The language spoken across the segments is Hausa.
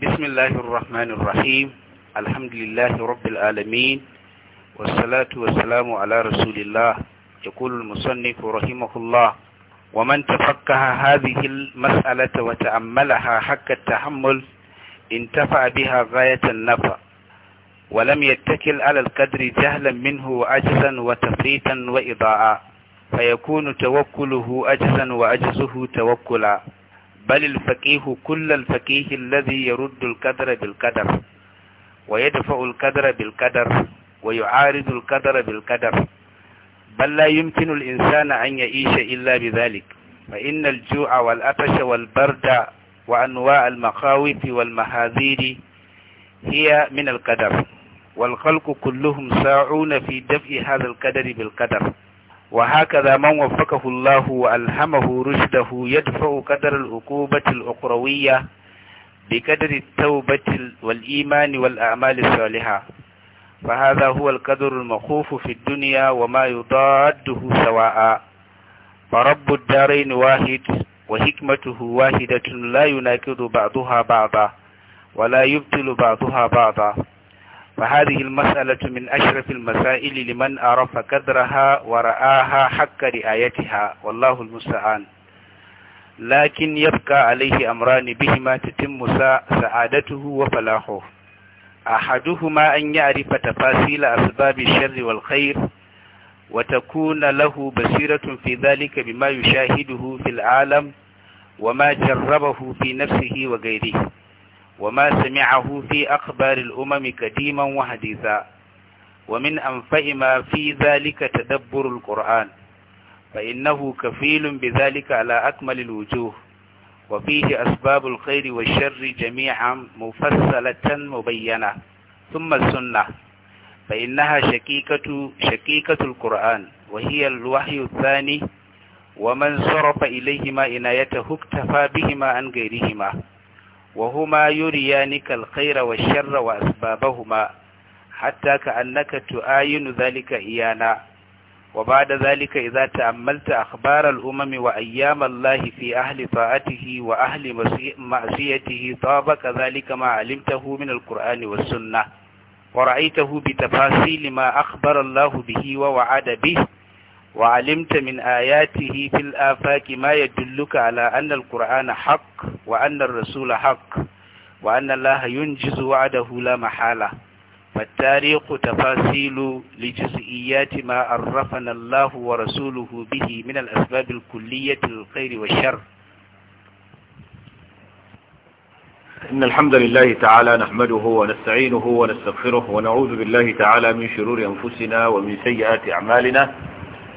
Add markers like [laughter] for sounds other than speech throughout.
بسم الله الرحمن الرحيم الحمد لله رب العالمين والصلاة والسلام على رسول الله يقول المصنف رحمه الله ومن تفقه هذه المسألة وتأملها حق التحمل انتفع بها غاية النفع ولم يتكل على القدر جهلا منه وعجزا وتفريطا وإضاءة فيكون توكله أجزا وعجزه توكلا بل الفقيه كل الفقيه الذي يرد القدر بالقدر ويدفع القدر بالقدر ويعارض القدر بالقدر بل لا يمكن الإنسان أن يعيش إلا بذلك فإن الجوع والأتش والبرد وأنواع المخاوف والمحاذير هي من القدر والخلق كلهم ساعون في دفع هذا القدر بالقدر وهكذا من وفقه الله وألهمه رشده يدفع قدر العقوبة الأقروية بقدر التوبة والإيمان والأعمال الصالحة فهذا هو القدر المخوف في الدنيا وما يضاده سواء فرب الدارين واحد وحكمته واحدة لا يناقض بعضها بعضا ولا يبطل بعضها بعضا فهذه المسألة من أشرف المسائل لمن عرف قدرها ورآها حق رآيتها والله المستعان لكن يبقى عليه أمران بهما تتم سعادته وفلاحه أحدهما أن يعرف تفاصيل أسباب الشر والخير وتكون له بصيرة في ذلك بما يشاهده في العالم وما جربه في نفسه وغيره وما سمعه في أخبار الأمم قديما وحديثا ومن أنفع ما في ذلك تدبر القرآن فإنه كفيل بذلك على أكمل الوجوه وفيه أسباب الخير والشر جميعا مفصلة مبينة ثم السنة فإنها شكيكة, شكيكة القرآن وهي الوحي الثاني ومن صرف إليهما عنايته اكتفى بهما عن غيرهما وهما يريانك الخير والشر وأسبابهما حتى كأنك تؤاين ذلك إيانا وبعد ذلك إذا تأملت أخبار الأمم وأيام الله في أهل طاعته وأهل معصيته طابك ذلك ما علمته من القرآن والسنة ورأيته بتفاصيل ما أخبر الله به ووعد به وعلمت من آياته في الآفاك ما يدلك على أن القرآن حق وأن الرسول حق وأن الله ينجز وعده لا محالة فالتاريخ تفاصيل لجزئيات ما عرفنا الله ورسوله به من الأسباب الكلية للخير والشر إن الحمد لله تعالى نحمده ونستعينه ونستغفره ونعوذ بالله تعالى من شرور أنفسنا ومن سيئات أعمالنا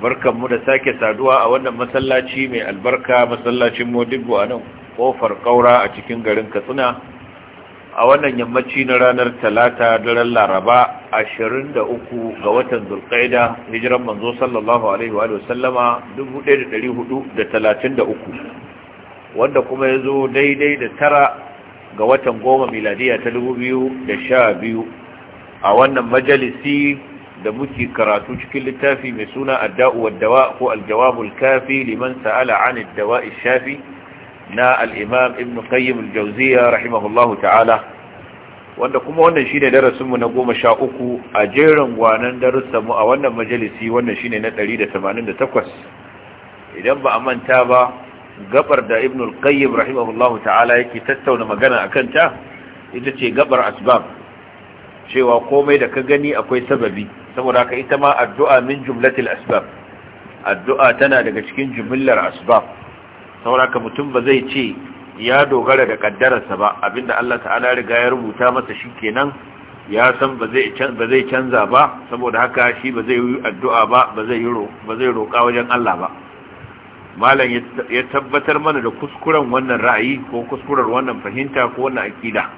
barkanmu da sake saduwa a wannan masallaci mai albarka masallacin Modibo a nan kofar kaura a cikin garin katsina a wannan yammaci na ranar talata daren laraba 23 ga watan zulkaida hijiran manzo sallallahu alaihi wa sallama 1433 wanda kuma ya zo daidai da tara ga watan goma miladiya ta 2012 a wannan majalisi da muke karatu cikin littafi mai suna adda'u waddawa ko aljawabul kafi liman sa'ala an addawa'i shafi na al-imam ibn qayyim al-jawziyya rahimahullahu ta'ala wanda kuma wannan shine darasin mu na 13 a jerin gwanan darussa mu a wannan majalisi wannan shine na 188 idan ba a manta ba gabar da ibn al-qayyim rahimahullahu ta'ala yake tattauna magana akan ta ita ce gabar asbab cewa komai da ka gani akwai sababi saboda ka ita ma addu'a min jumlatil asbab addu'a tana daga cikin jumlar asbab saboda ka mutum ba zai ce ya dogara da kaddararsa ba abinda Allah ta'ala riga ya rubuta masa shikenan ya san ba zai canza ba saboda haka shi ba zai yi addu'a ba ba zai roƙa wajen Allah ba malam ya tabbatar mana da kuskuren wannan ra'ayi ko kuskurar wannan fahimta ko wannan akida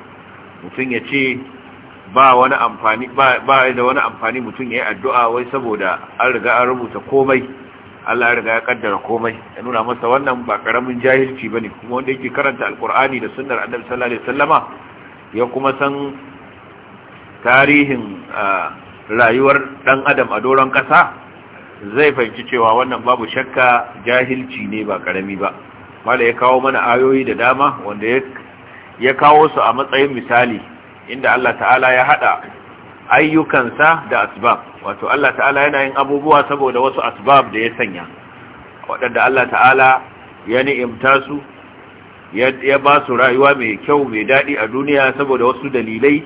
mutum ya ce ba da wani amfani mutum ya yi addu'a wai saboda an riga an rubuta komai Allah ya riga ya kaddara komai ya nuna masa wannan ba karamin jahilci bane kuma wanda yake karanta alkur'ani da sunnar annabi sallallahu alaihi wasallama ya kuma san tarihin rayuwar dan adam a doron kasa zai fahimci cewa wannan babu shakka jahilci ne ba karami ba mala ya kawo mana ayoyi da dama wanda ya kawo su a matsayin misali inda Allah ta'ala ya hada ayyukansa da asbab wato Allah ta'ala yana yin abubuwa saboda wasu asbab da ya sanya waɗanda Allah ta'ala ya ni'imta su ya ba su rayuwa mai kyau mai daɗi a duniya saboda wasu dalilai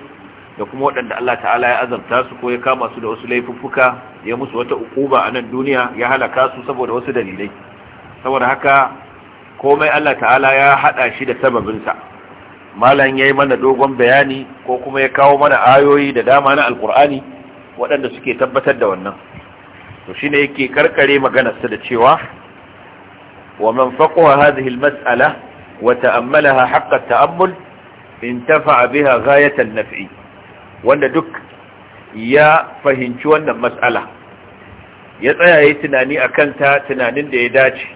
da kuma waɗanda Allah ta'ala ya azabta su ko ya kama su da wasu laifuffuka ya musu wata ukuba a nan duniya ya halaka su saboda wasu dalilai saboda haka komai Allah ta'ala ya haɗa shi da sababinsa malam ya yi mana dogon bayani ko kuma ya kawo mana ayoyi da dama na alkur'ani waɗanda suke tabbatar da wannan to shi ne yake karkare maganarsa da cewa wa man faqaha hadhihi almas'ala wa ta'ammalaha haqqa ta'ammul intafa'a biha ghayat an-naf'i wanda duk ya fahimci wannan mas'ala ya tsaya yayi tunani akan ta tunanin da ya dace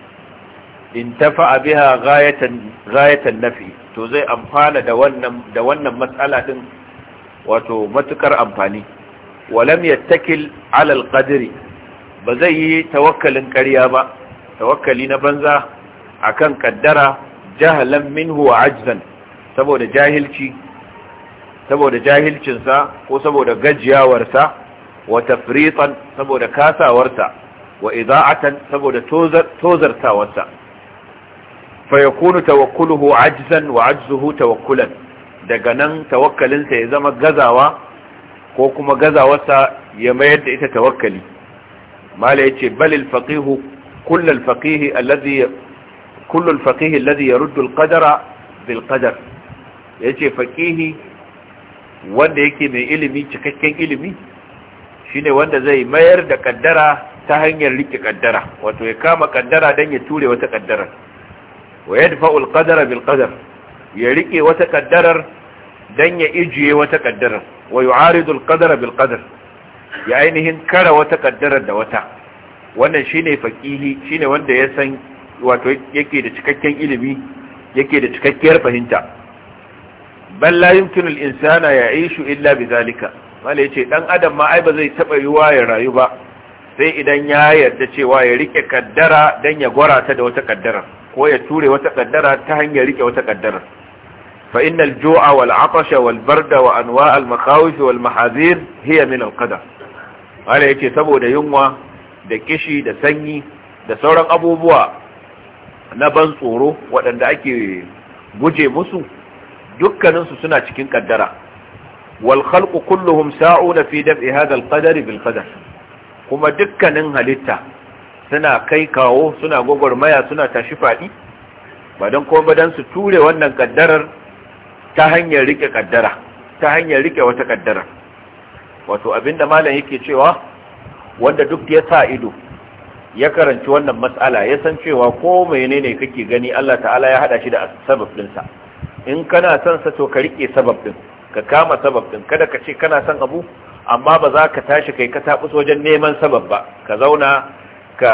intafa'a biha ghayatan ghayatan naf'i to zai amfana da wannan matsala din wato matukar amfani walam yattakil alal alqadri ba zai yi tawakkalin ƙarya ba tawakkali na banza akan kaddara jahalan minhu wa ajzan saboda jahilci saboda jahilcinsa ko saboda gajiyawarsa wa tafritan saboda kasawarsa wa ida'atan saboda tozartawarsa fayakunu tawakkuluhu ajzan wa ajzuhu tawakkulan daga nan tawakkalinsa ya zama gazawa ko kuma gazawarsa ya mayar da ita tawakkali mala yace balil faqihu kullal faqihi alladhi kullul faqihi alladhi yaruddu alqadara bil qadar yace faqihi wanda yake mai ilimi cikakken ilimi shine wanda zai mayar da kaddara ta hanyar rike kaddara wato ya kama kaddara dan ya ture wata kaddara wa yadfa'u al-qadara bil qadar ya riƙe wata kaddarar don ya ijiye wata kaddarar wa yu'aridu al-qadara bil ya ainihin kara wata kaddarar da wata wannan shine shi ne wanda ya san wato yake da cikakken ilimi yake da cikakkiyar fahimta bal la yumkinu al-insana illa bidhalika wala yace dan adam ma ai ba zai taɓa yiwa ya rayu ba sai idan ya yarda cewa ya riƙe kaddara dan ya gwara ta da wata ƙaddarar ko ya ture wata kaddara ta hanyar rike wata kaddara fa innal ju'a wal atasha wal barda wa anwa' al makhawif wal mahazir hiya min al qadar ala yake saboda yunwa da kishi da sanyi da sauran abubuwa na ban tsoro waɗanda ake guje musu dukkaninsu suna cikin kaddara wal khalqu kulluhum sa'una fi daf'i hadha al qadar bil qadar kuma dukkanin halitta suna kai kawo suna gwagwarmaya suna tashi faɗi ba don kuma don su ture wannan kaddarar ta hanyar rike kaddara ta hanyar rike wata kaddara wato abinda malam yake cewa wanda duk ya sa ido ya karanci wannan matsala ya san cewa ko menene kake gani Allah ta'ala ya hada shi da sabab dinsa in kana son sa to ka rike sabab din ka kama sabab din kada ka ce kana son abu amma ba za ka tashi kai ka tabus wajen neman sabab ba ka zauna ka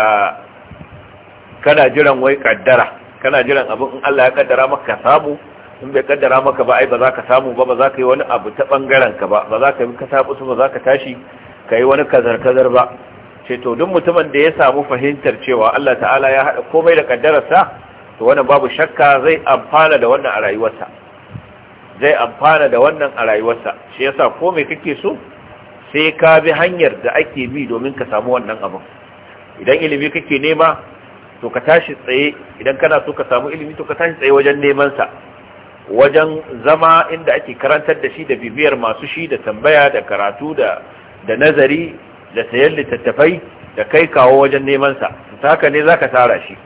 kana jiran wai kaddara kana jiran abin in Allah ya kaddara maka samu in bai kaddara maka ba ai ba za ka samu ba ba za ka yi wani abu ta bangaren ka ba ba za ka yi ka sabu ba za ka tashi ka yi wani kazar kazar ba ce to duk mutumin da ya samu fahimtar cewa Allah ta'ala ya hada komai da kaddararsa to wannan babu shakka zai amfana da wannan a rayuwarsa zai amfana da wannan a rayuwarsa shi yasa komai kake so sai ka bi hanyar da ake bi domin ka samu wannan abin idan ilimi kake nema to ka tashi tsaye idan kana so ka samu ilimi to ka tashi tsaye wajen neman sa wajen zama inda ake karantar da shi da bibiyar masu shi da tambaya da karatu da da nazari da sayan littattafai da kai kawo wajen neman sa ta haka ne zaka tara shi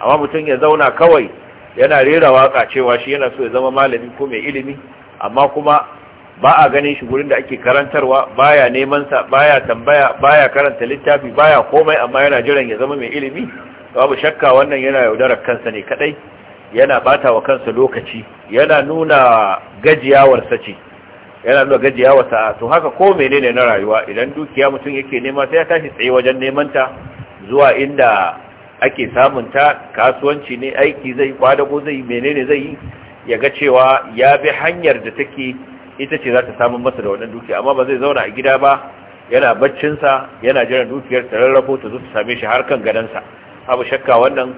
amma mutum ya zauna kawai yana rera waka cewa shi yana so ya zama malami ko mai ilimi amma kuma ba a ganin shi gurin da ake karantarwa baya neman sa baya tambaya baya karanta littafi baya komai amma yana jiran ya zama mai ilimi babu shakka wannan yana yaudarar kansa ne kadai yana bata wa kansa lokaci yana nuna gajiyawarsa ce yana nuna gajiyawar gajiyawarsa to haka ko menene na rayuwa idan dukiya mutum yake nema sai ya tashi tsaye wajen neman ta zuwa inda ake samun ta kasuwanci ne aiki zai kwadago zai menene zai yi ya ga cewa ya bi hanyar da take ita ce za ta samun masa da wannan dukiya amma ba zai zauna a gida ba yana baccinsa yana jiran dukiyar ta rarrafo ta zo ta same shi har kan gadansa abu shakka wannan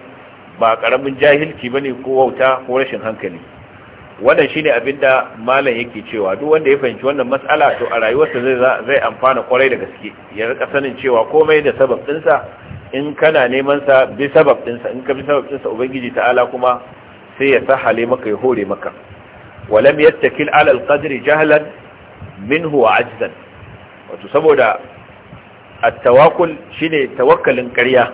ba karamin jahilci bane ko wauta ko rashin hankali wannan shine abin da malam yake cewa duk wanda ya fahimci wannan mas'ala to a rayuwarsa zai zai amfana kwarai da gaske ya rika sanin cewa komai da sababbin sa in kana neman sa bi sababbin sa in ka bi sababbin sa ubangiji ta'ala kuma sai ya sahale maka ya hore maka walam yattakil ala alqadri jahlan minhu wa ajzan wato saboda at-tawakkul shine tawakkalin ƙarya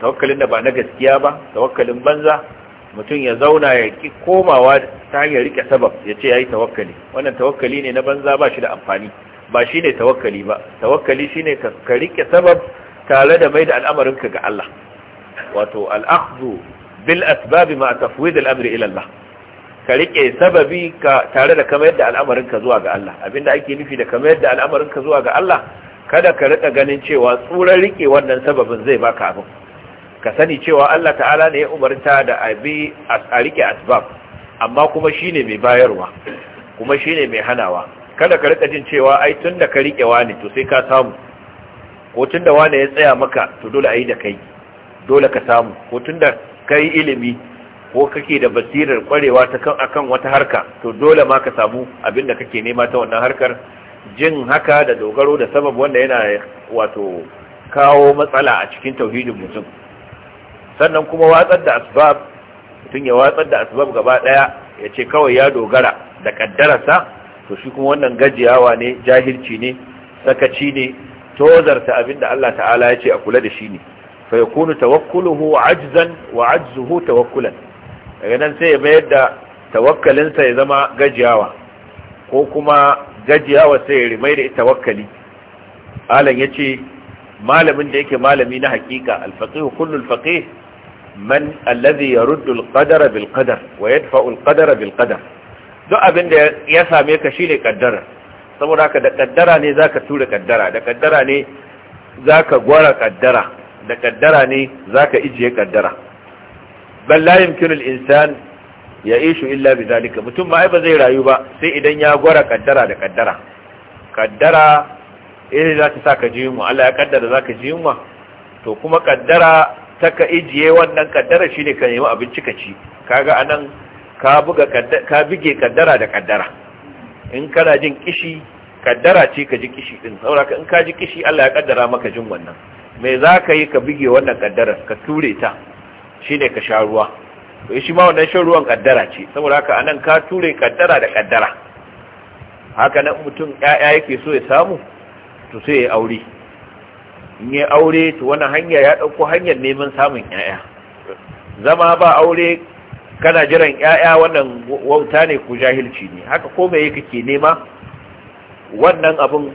tawakkalin da ba na gaskiya ba tawakkalin banza mutum ya zauna ya ki komawa ta hanyar rike sabab ya ce ya yi tawakkali wannan tawakkali ne na banza ba shi da amfani ba shi ne tawakkali ba tawakkali shi ne ka rike sabab tare da mai da al'amarinka ga Allah wato al'akhdhu bil asbabi ma tafwid al ila Allah ka rike sababi ka tare da kamar yadda al'amarinka zuwa ga Allah abinda ake nufi da kamar yadda al'amarinka zuwa ga Allah kada ka rika ganin cewa tsuran rike wannan sababin zai baka abin ka sani cewa Allah ta'ala ne ya umarta da abi a rike asbab amma kuma shine mai bayarwa kuma shine mai hanawa kada ka rika jin cewa ai tunda ka rike wani to sai ka samu ko tunda wani ya tsaya maka to dole ayi da kai dole ka samu ko tunda kai ilimi ko kake da basirar kwarewa ta kan akan wata harka to dole ma ka samu abin da kake nema ta wannan harkar jin haka da dogaro da sabab wanda yana wato kawo matsala a cikin tauhidin mutum sannan kuma watsar da asbab mutum ya watsar da asbab gaba daya ya ce kawai ya dogara da kaddararsa to shi kuma wannan gajiyawa ne jahilci ne sakaci ne tozarta abin da Allah ta'ala ya ce a kula da shi ne fa yakunu tawakkuluhu ajzan wa ajzuhu tawakkulan daga nan sai ya mayar da tawakkalinsa ya zama gajiyawa ko kuma gajiyawa sai ya mai da tawakkali alan ya ce malamin da yake malami na hakika alfaqih kullu alfaqih man alladhi yaruddu alqadara bil qadar wa yadfa'u alqadara bil qadar duk abin da ya same ka shine kaddara saboda haka da kaddara ne zaka tura kaddara da kaddara ne zaka gwara kaddara da kaddara ne zaka ijiye kaddara bal la yumkinu al-insan ya'ishu illa bidhalika mutum ba ai ba zai rayu ba sai idan ya gwara kaddara da kaddara kaddara irin eh, za ta sa ka ji yunwa Allah ya kaddara za ka ji yunwa to kuma kaddara ta ka ijiye wannan kaddara shine ka nemi abinci ka ci kaga anan ka buga ka bige kaddara da kaddara in kana jin kishi kaddara ce ka ji kishi din sauraka in ka ji kishi Allah ya kaddara maka jin wannan me za ka yi ka bige wannan kaddara ka ture ta Shi ne ka sha ruwa to shi ma wannan shan ruwan kaddara ce saboda haka anan ka ture kaddara da kaddara haka nan mutum yaya yake so ya samu to sai ya aure in ya aure to wannan hanya ya dauko hanyar neman samun yaya zama ba aure kana jiran yaya wannan wauta ne ko jahilci ne haka ko me kake nema wannan abun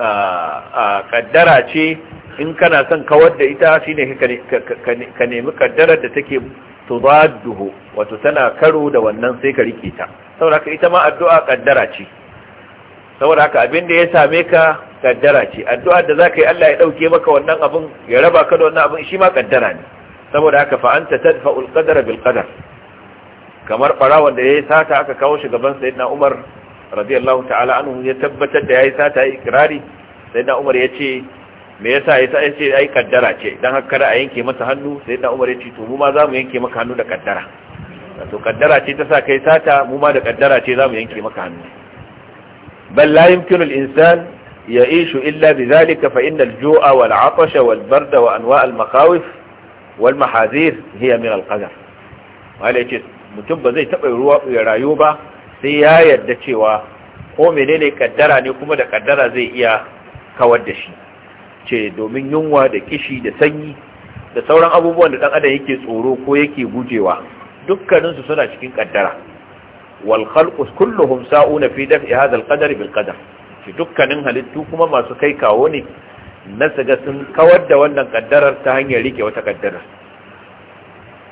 a kaddara ce in kana son kawar da ita shi ne ka nemi kaddarar da take tudadduhu wato tana karo da wannan sai ka rike ta saboda ita ma addu'a kaddara ce saboda haka abin da ya same ka kaddara ce addu'a da za ka yi Allah ya ɗauke maka wannan abin ya raba ka da wannan abin shi ma kaddara ne saboda haka fa anta tadfa'ul qadara bil qadar kamar barawon da ya yi sata aka kawo shi gaban sayyidina Umar radiyallahu ta'ala anhu ya tabbatar da ya yi sata ya ikrari sayyidina Umar ya ce me yasa yasa yace ai kaddara ce dan haka a yanke masa hannu sai dan Umar yace to mu ma zamu yanke maka hannu da kaddara to kaddara ce ta sa kai sata mu ma da kaddara ce zamu yanke maka hannu bal la yumkinu al insan ya'ishu illa bidhalika fa inna al ju'a wal 'atasha wal barda wa anwa' wal mahazir hiya min al qadar mutum ba zai taba ruwa ya rayu ba sai ya yarda cewa ko menene kaddara ne kuma da kaddara zai iya kawar da shi ce domin yunwa da kishi da sanyi da sauran abubuwan da dan adam yake tsoro ko yake gujewa dukkanin su suna cikin kaddara wal khalqu kulluhum sa'una fi daf'i hadha al qadar bil qadar dukkanin halittu kuma masu kai kawo ne na saga sun kawar da wannan kaddarar ta hanyar rike wata kaddara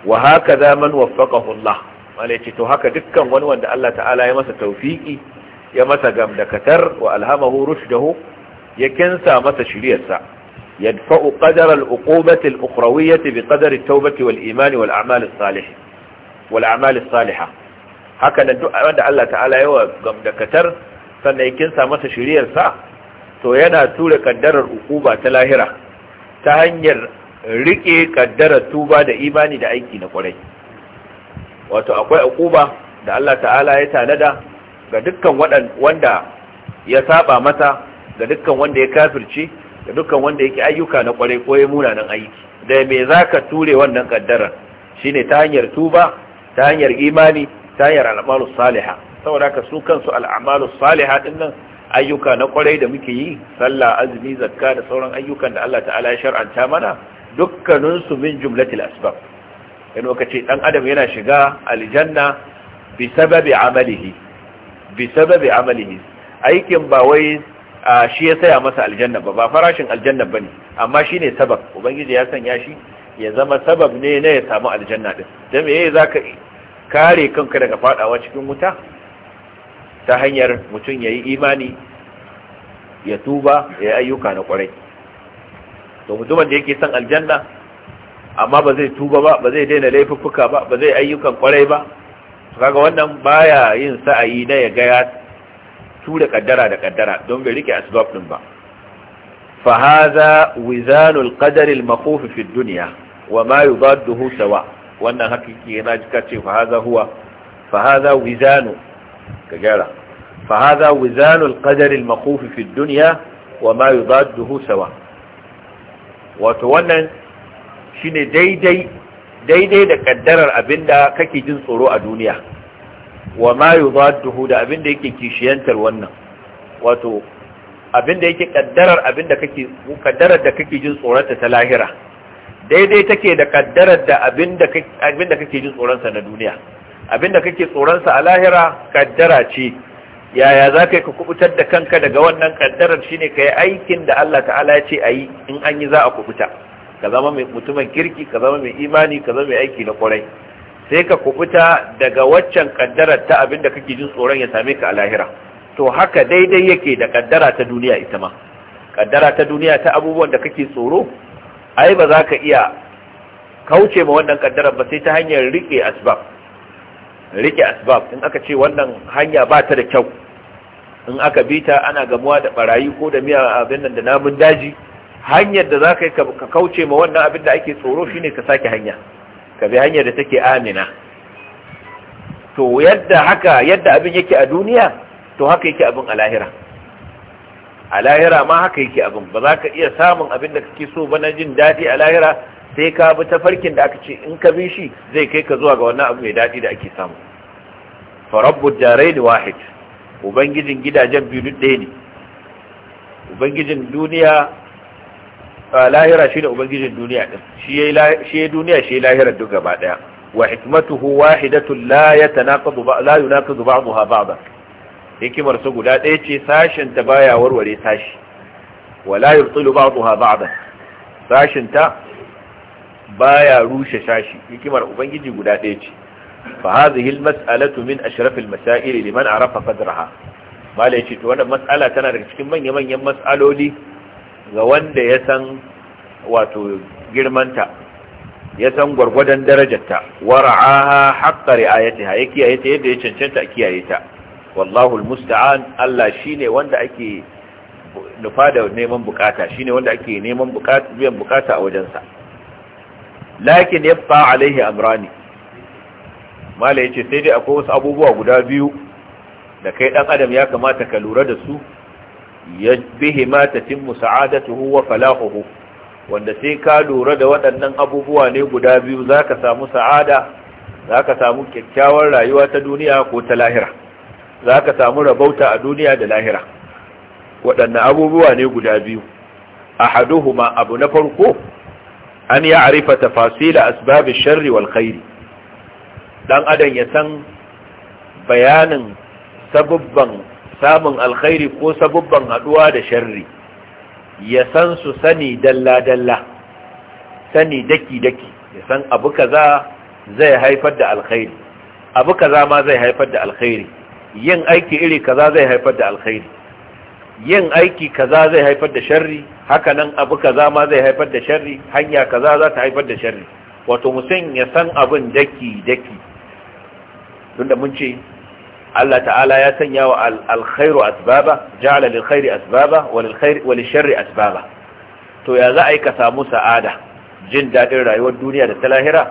wa hakaza man waffaqahu Allah malai ce to haka dukkan wani wanda Allah ta'ala ya masa tawfiki ya masa gamdakatar wa alhamahu rushdahu ya kinsa masa shiriyarsa yadfa'u qadar al-uqubati al-ukhrawiyyati bi qadar at-taubati wal-iman wal-a'mal as wal as-salihah haka duk wanda Allah ta'ala yawa gamdakatar sannan ya kinsa masa shiriyarsa to yana tura kaddarar uquba ta lahira ta hanyar rike kaddarar tuba da imani da aiki na kwarai wato akwai uquba da Allah ta'ala ya tanada ga dukkan wanda ya saba masa ga dukkan wanda ya kafirce da dukkan wanda yake ayyuka na kwarai ko ya nan aiki da me zaka ture wannan kaddara shine ta hanyar tuba ta hanyar imani ta hanyar al'amalus salihah saboda ka su kansu al'amalus saliha din ayyuka na kwarai da muke yi sallah azumi zakka da sauran ayyukan da Allah ta'ala ya shar'anta mana dukkaninsu min jumlatil asbab yana ka ce dan adam yana shiga aljanna bi sababi amalihi bi sababi amalihi aikin ba wai shi ya saya masa aljanna ba ba farashin aljanna bane amma shine sabab ubangiji ya sanya shi ya zama sabab ne na ya samu aljanna din dan me zaka kare kanka daga fadawa cikin wuta ta hanyar mutum yayi imani ya tuba ya ayyuka na kwarai to mutumin da yake son aljanna amma ba zai tuba ba ba zai daina laifuffuka ba ba zai ayyukan kwarai ba kaga wannan baya yin sa'ayi na ya ga tura kaddara da kaddara don bai rike asbab din ba fa hadha wizanul qadar al maquf fi dunya wa ma yudadduhu sawa wannan hakiki yana jika ce fa hadha huwa fa hadha wizanu ka gyara fa hadha wizanul qadar al maquf fi dunya wa ma yudadduhu sawa wato wannan shine daidai daidai da kaddarar abinda kake jin tsoro a duniya wa ma duhu da abin da yake kishiyantar wannan wato abin da yake kaddarar abin da kake kaddarar da kake jin tsoronta ta lahira daidai take da kaddarar da abin da kake abin da kake jin tsoronsa na duniya abin da kake tsoronsa a lahira kaddara ce yaya za ka ka kubutar da kanka daga wannan kaddarar shine ka yi aikin da Allah ta'ala ya ce a yi in an yi za a kubuta ka zama mai mutumin kirki ka zama mai imani ka zama mai aiki na kwarai sai ka kubuta daga waccan kaddara ta abin da kake jin tsoron ya same ka a lahira to haka daidai yake da kaddara ta duniya ita ma kaddara ta duniya ta abubuwan da kake tsoro ai ba za ka iya kauce ma wannan kaddara ba sai ta hanyar rike asbab rike asbab in aka ce wannan hanya ba ta da kyau in aka bi ta ana gamuwa da barayi ko da miya abin nan da namun daji hanyar da za ka kauce ma wannan abin da ake tsoro shine ka sake hanya ka bi hanyar da take amina to yadda haka yadda abin yake a duniya to haka yake abin a lahira a lahira ma haka yake abin ba za ka iya samun abin da kake so ba na jin daɗi a lahira sai ka bi ta farkin da aka ce in ka bi shi zai kai ka zuwa ga wannan abu mai daɗi da ake samu farabbu jarai da wahid ubangijin gidajen biyu duk ɗaya ne ubangijin duniya lahira shi da ubangijin duniya din shi ya duniya shi lahira duk gaba daya wa hikmatuhu wahidatun la yatanaqadu la yunaqadu ba'daha ba'da hikimar su guda daya ce sashin ta baya warware sashi wa la yubtilu ba'daha ba'da sashin ta baya rushe sashi hikimar ubangiji guda daya ce fa hadhihi almas'alatu min ashrafil masail liman arafa qadraha mala yace to wannan mas'ala tana daga cikin manya-manyan mas'aloli ga wanda ya san wato girmanta ya san gwargwadon darajarta wara'aha a yadda ya kiyaye ta yadda ya cancanta a kiyaye ta wallahu almusta'an Allah shine wanda ake nufa da neman bukata shine wanda ake neman bukata biyan bukata a wajen sa lakin yabqa alaihi amrani mala yace sai dai akwai wasu abubuwa guda biyu da kai dan adam ya kamata ka lura da su bihi ma tatimmu sa'adatuhu wa falahuhu wanda sai ka lura da waɗannan abubuwa ne guda biyu ka samu sa'ada ka samu kyakkyawar rayuwa ta duniya ko ta lahira ka samu rabauta a duniya da lahira waɗannan abubuwa ne guda biyu ma abu na farko an ya'rifa tafasila fasila ash-sharri wal khairi dan adam ya san bayanin sabban. samun alkhairi ko sabubban haduwa da sharri ya san su sani dalla-dalla sani daki-daki ya san abu kaza zai haifar da alkhairi abu kaza ma zai haifar da alkhairi yin aiki iri kaza zai haifar da alkhairi yin aiki kaza zai haifar da sharri haka nan abu kaza ma zai haifar da sharri hanya kaza za ta haifar da sharri wato mutum ya san abin daki-daki tunda mun ce Allah ta'ala ya sanya wa alkhairu asbaba ja'ala lil asbaba wa sharri asbaba to ya za a yi ka samu sa'ada jin dadin rayuwar duniya da ta lahira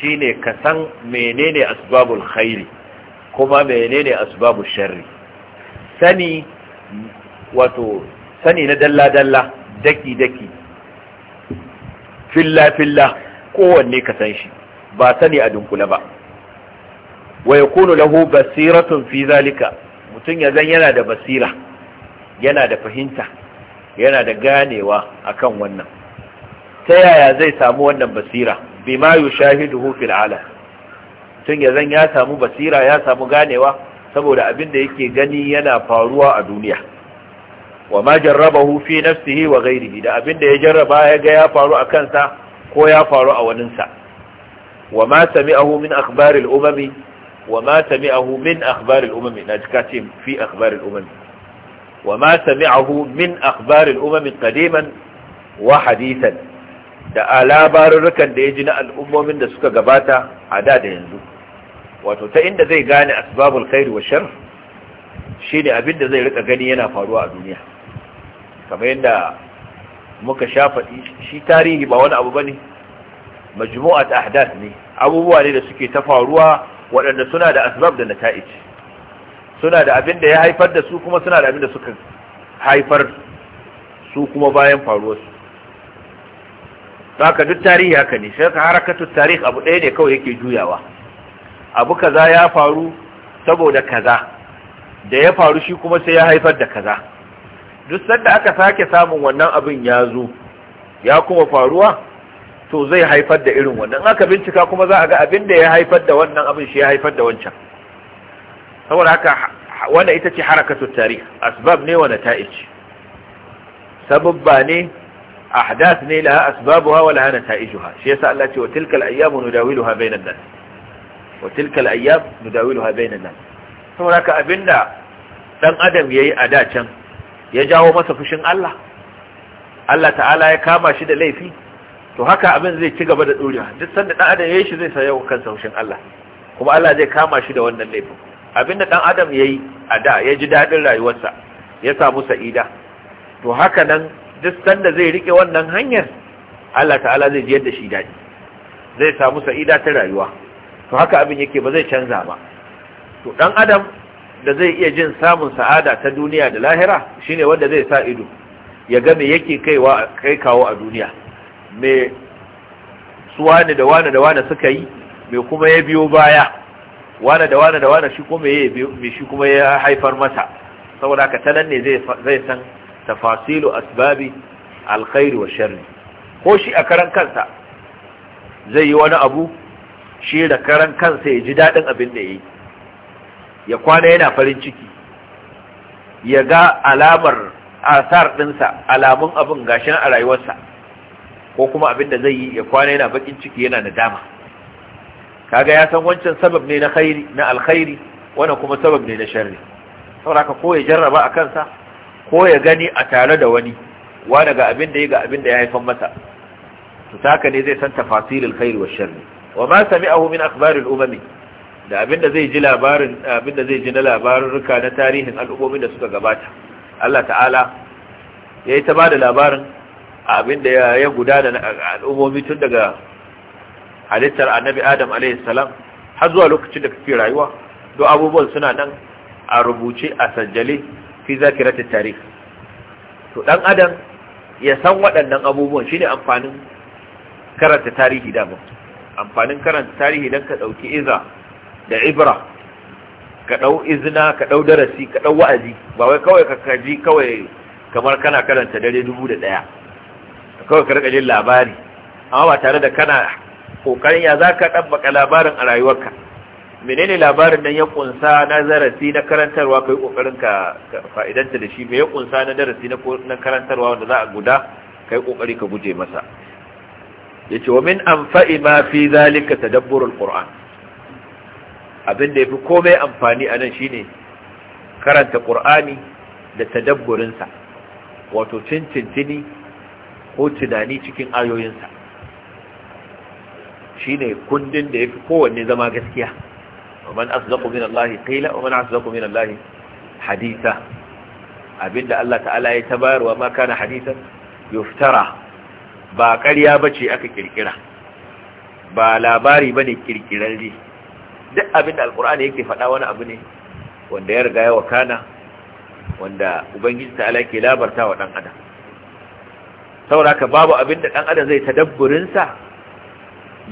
shine ka san menene asbabul khairi kuma menene asbabul sharri sani wato sani na dalla dalla daki daki filla filla kowanne ka san shi ba sani a dunkule ba wa yakunu lahu basiratun fi zalika mutum ya zan yana da basira yana da fahimta yana da ganewa akan wannan ta yaya zai samu wannan basira bima yushahiduhu fil ala. mutum ya zan ya samu basira ya samu ganewa saboda abin da yake gani yana faruwa a duniya wa ma jarrabahu fi nafsihi wa ghairihi da abin da ya jarraba ya ga ya faru a kansa ko ya faru a waninsa wa ma sami'ahu min akhbaril umami wa ma sami'ahu min akhbar al-umam na jika ce fi akhbar al-umam wa ma sami'ahu min akhbar wa da alabarurrukan da ya ji na al'ummomin da suka gabata a da da yanzu wato ta inda zai gane asbabul khair wa shar shine abin da zai rika gani yana faruwa a duniya kamar yadda muka shafaɗi shi tarihi ba wani abu bane majmu'at ahdath ne abubuwa ne da suke ta faruwa waɗanda suna da asbab da nata'ij suna da abin da ya haifar da su kuma suna da abin da suka haifar su kuma bayan faruwar su ka duk tarihi haka ne shi harakatu tarih abu ɗaya ne kawai yake juyawa abu kaza ya faru saboda kaza da ya faru shi kuma sai ya haifar da kaza duk sanda aka sake samun wannan abin ya zo ya kuma faruwa to zai haifar da irin wannan aka bincika kuma za a ga abin da ya haifar da wannan abin shi ya haifar da wancan saboda haka wanda ita ce harakatu tarih asbab ne wa nata'ij sababba ne ahdath ne laha asbabuha wa laha nata'ijuha shi yasa Allah ce wa tilkal ayyamu nudawiluha bainan nas wa tilkal ayyam nudawiluha bainan nas saboda haka abinda dan adam yayi a da can ya jawo masa fushin Allah Allah ta'ala ya kama shi da laifi to haka abin zai ci gaba da dorewa duk sanda dan adam yayi shi zai sayo kansa wucin Allah kuma Allah zai kama shi da wannan laifin abinda dan adam yayi a da ya ji dadin rayuwarsa ya samu sa'ida to haka nan duk sanda zai rike wannan hanyar Allah ta'ala zai jiyar da shi dadi zai samu sa'ida ta rayuwa to haka abin yake ba zai canza ba to dan adam da zai iya jin samun sa'ada ta duniya da lahira shine wanda zai sa ido ya ga me yake kaiwa kai kawo a duniya me su wani da wane da wane suka yi me kuma ya biyo baya Wane da wane da wane shi kuma ya me shi kuma ya haifar masa saboda ka tanan ne zai san tafasilu asbabi alkhairi wa sharri ko shi a karan kansa zai yi wani abu shi da karan kansa ya ji daɗin abin da ya ya kwana yana farin ciki ya ga alamar asar dinsa, alamun abin gashin a rayuwarsa ko kuma abin da zai yi ya kwana yana bakin ciki yana nadama kaga ya san wancan sabab ne na khairi na alkhairi wannan kuma sabab ne na sharri saboda ko ya jarraba a kansa ko ya gani a tare da wani wa daga abin da ya ga abin da ya haifan masa to taka ne zai san tafasilul khairi wa sharri wa ma sami'ahu min akhbaril umami da abin da zai ji labarin abin da zai ji na ruka na tarihin al'ummomin da suka gabata Allah ta'ala yayi ta bada labarin abinda ya guda na al'ummomi tun daga halittar annabi adam alaihissalam har zuwa lokacin da kake rayuwa don abubuwan suna nan a rubuce a sanjale fi zakiratin tarih to dan adam ya san waɗannan abubuwan shine amfanin karanta tarihi dama amfanin karanta tarihi dan ka ɗauki iza da ibra ka ɗau izina ka ɗau darasi ka ɗau wa'azi ba wai kawai ka kaji kawai kamar kana karanta dare dubu da ɗaya kawai ka riƙa jin labari amma ba tare da kana ƙoƙarin ya za ka ɗabbaka labarin a rayuwarka menene labarin nan ya ƙunsa na zarafi na karantarwa kai ƙoƙarin ka fa'idanta da shi me ya ƙunsa na darasi na karantarwa wanda za a guda kai ƙoƙari ka guje masa Ya ce wa min fa'i ma fi zalika ta tadabburul qur'an abin da ya fi komai amfani a anan shine karanta ƙur'ani da tadabburin sa wato cintini ko tunani cikin ayoyinsa shine kundin da yafi kowanne zama gaskiya man asdaqu min Allah qila wa man min Allah abinda Allah ta'ala ya tabarwa ma kana hadithan yuftara ba ƙarya ce aka kirkira ba labari bane kirkirarre duk abinda alqur'ani yake faɗa wani abu ne wanda ya riga ya wakana wanda ubangiji ta'ala ke labarta wa ɗan adam saboda haka, babu abin da ɗan adam zai ta sa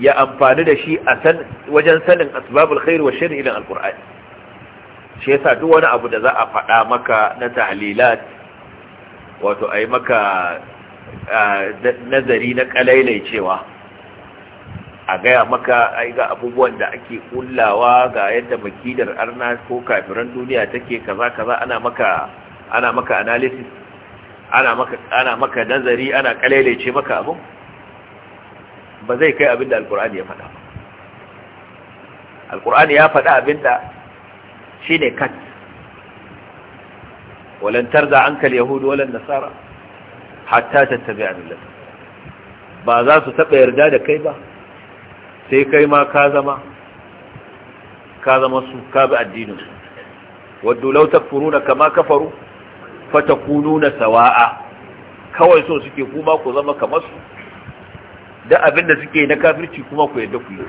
ya amfani da shi a san wajen sanin asbabul khair wa shirin ilin alqur'ani shi yasa duk wani abu da za a faɗa maka na tahlilat wato a yi maka nazari na kalailai cewa a gaya maka a ga abubuwan da ake kullawa ga yadda makidar arna ko kafiran duniya take kaza kaza ana maka ana maka analysis ana maka ana maka nazari ana kalelece maka abu ba zai kai abinda alkur'ani ya faɗa alkur'ani ya faɗa abinda shine kat walan tarda anka alyahud walan nasara hatta tattabi'a millata ba za su taɓa yarda da kai ba sai kai ma ka zama ka zama su ka bi addinin wadda lau takfuruna kama kafaru fatakununa sawa'a kawai so suke kuma ku zama kamar su da abin da suke na kafirci kuma ku yadda ku yi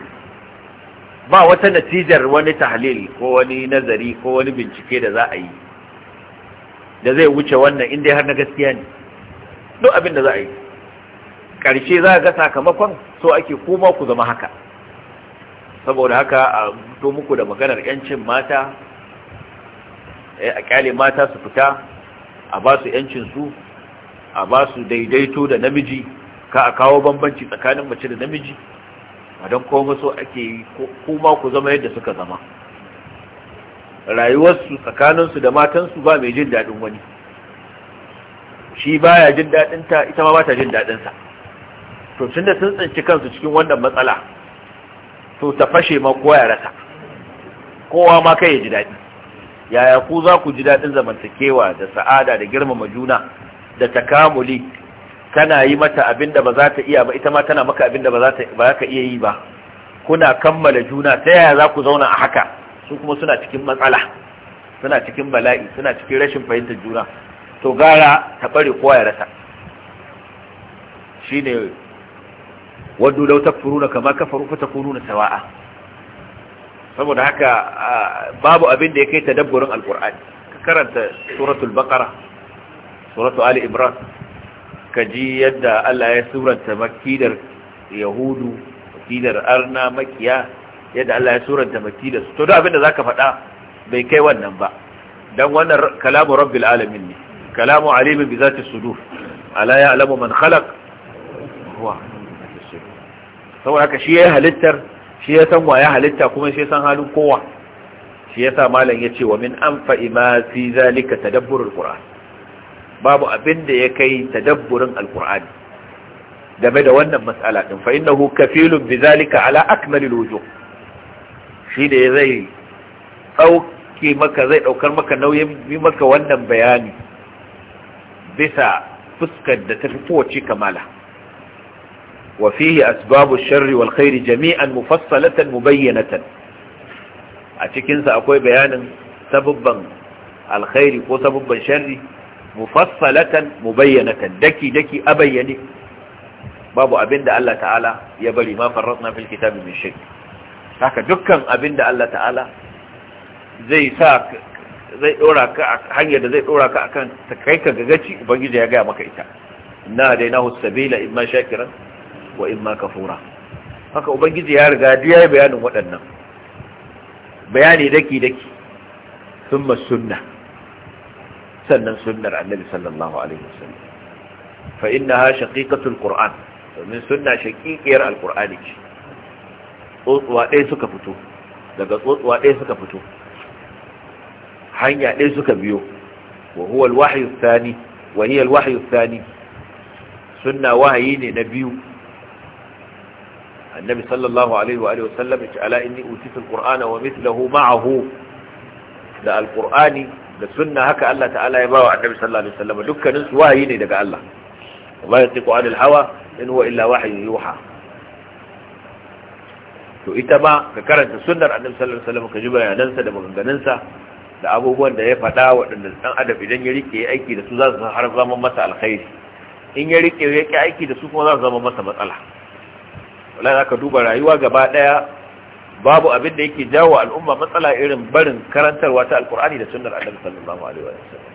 ba wata natijar wani tahlil ko wani nazari ko wani bincike da za a yi da zai wuce wannan inda har na gaskiya ne duk abin da za a yi ƙarshe za a ga sakamakon so ake kuma ku zama haka saboda haka a muku da maganar 'yancin mata eh, a kyale mata su fita a ba su yancinsu a ba su daidaito da namiji ka a kawo bambanci tsakanin mace da namiji a don koma so ake yi kuma ku zama yadda suka zama rayuwarsu tsakaninsu da matansu ba mai jin daɗin wani shi baya jin daɗinta ita ma ba ta jin daɗinsa to tun da sun tsinci kansu cikin wannan matsala to ta fashe ma kowa ya rasa kowa ma kai ya ji daɗi yaya ku za ku ji daɗin zamantakewa da sa'ada da girmama juna da takamuli kana yi mata abin da ba za ta iya ba ita ma tana maka abin da ba za ka iya yi ba kuna kammala juna ta yaya za ku zauna a haka su kuma suna cikin matsala suna cikin bala'i suna cikin rashin fahimtar juna to gara ta bare kowa ya rasa shine wadu law takfuruna kama kafaru fatakununa sawa'a saboda haka babu abin da ya kai tadabburin alkur'ani ka karanta suratul baqara suratu ali imran ka ji yadda Allah ya suranta makidar yahudu makidar arna makiya yadda Allah ya suranta makidar su to duk abin da zaka faɗa bai kai wannan ba dan wannan kalamu rabbil alamin ne kalamu alimin bi zati sudur ala ya'lamu man khalaq huwa saboda haka shi ya halittar shi ya san wa ya halitta kuma shi ya san halin kowa shi ya sa malam ya ce wa min anfa'i ma fi zalika tadabburul qur'an babu abin da ya kai tadabburin alqur'ani game da wannan mas'ala din fa innahu kafilun bi zalika ala akmalil wujuh shi da zai dauke maka zai daukar maka nauyin yi maka wannan bayani bisa fuskar da ta fi kowace kamala وفيه أسباب الشر والخير جميعا مفصلة مبينة أتكين سأقوي بيانا سببا الخير وسببا شر مفصلة مبينة دكي دكي أبيني باب أبند الله تعالى يبلي ما فرطنا في الكتاب من شيء haka dukkan abin da Allah ta'ala zai sa zai dora ka hanyar da zai dora ka akan kai ka gagaci ubangiji ya gaya maka ita inna dai na sabila imma shakiran wa in imma kafura haka ubangiji ya riga ya yi bayanin waɗannan bayani daki daki thumma sunna sannan sunnar annabi sallallahu alaihi wasallam fa innaha shaqiqatul qur'an domin sunna shaqiqiyar alqur'ani ce tsotsuwa ɗaya suka fito daga tsotsuwa ɗaya suka fito hanya ɗaya suka biyo wa huwa alwahyu thani wa hiya alwahyu thani sunna wahayi ne na biyu annabi sallallahu alaihi wa alihi wasallam ya ce ala inni utitu alqur'ana wa mithluhu ma'ahu da alqur'ani da sunna haka Allah ta'ala ya bawa annabi sallallahu alaihi wasallam dukkanin su wahayi ne daga Allah ba wa yatiqu anil hawa in huwa illa wahyu yuha to ita ba ka karanta sunnar annabi sallallahu alaihi wasallam ka ji bayanansa da maganganunsa da abubuwan da ya faɗa waɗanda dan adam idan ya rike ya aiki da su za su har zama masa alkhairi in ya rike ya aiki da su kuma za su zama masa matsala wala aka duba rayuwa gaba ɗaya babu abin da yake jawo al'umma matsala irin barin karantarwa ta alkur'ani da sunnar annabi sallallahu alaihi wa sallam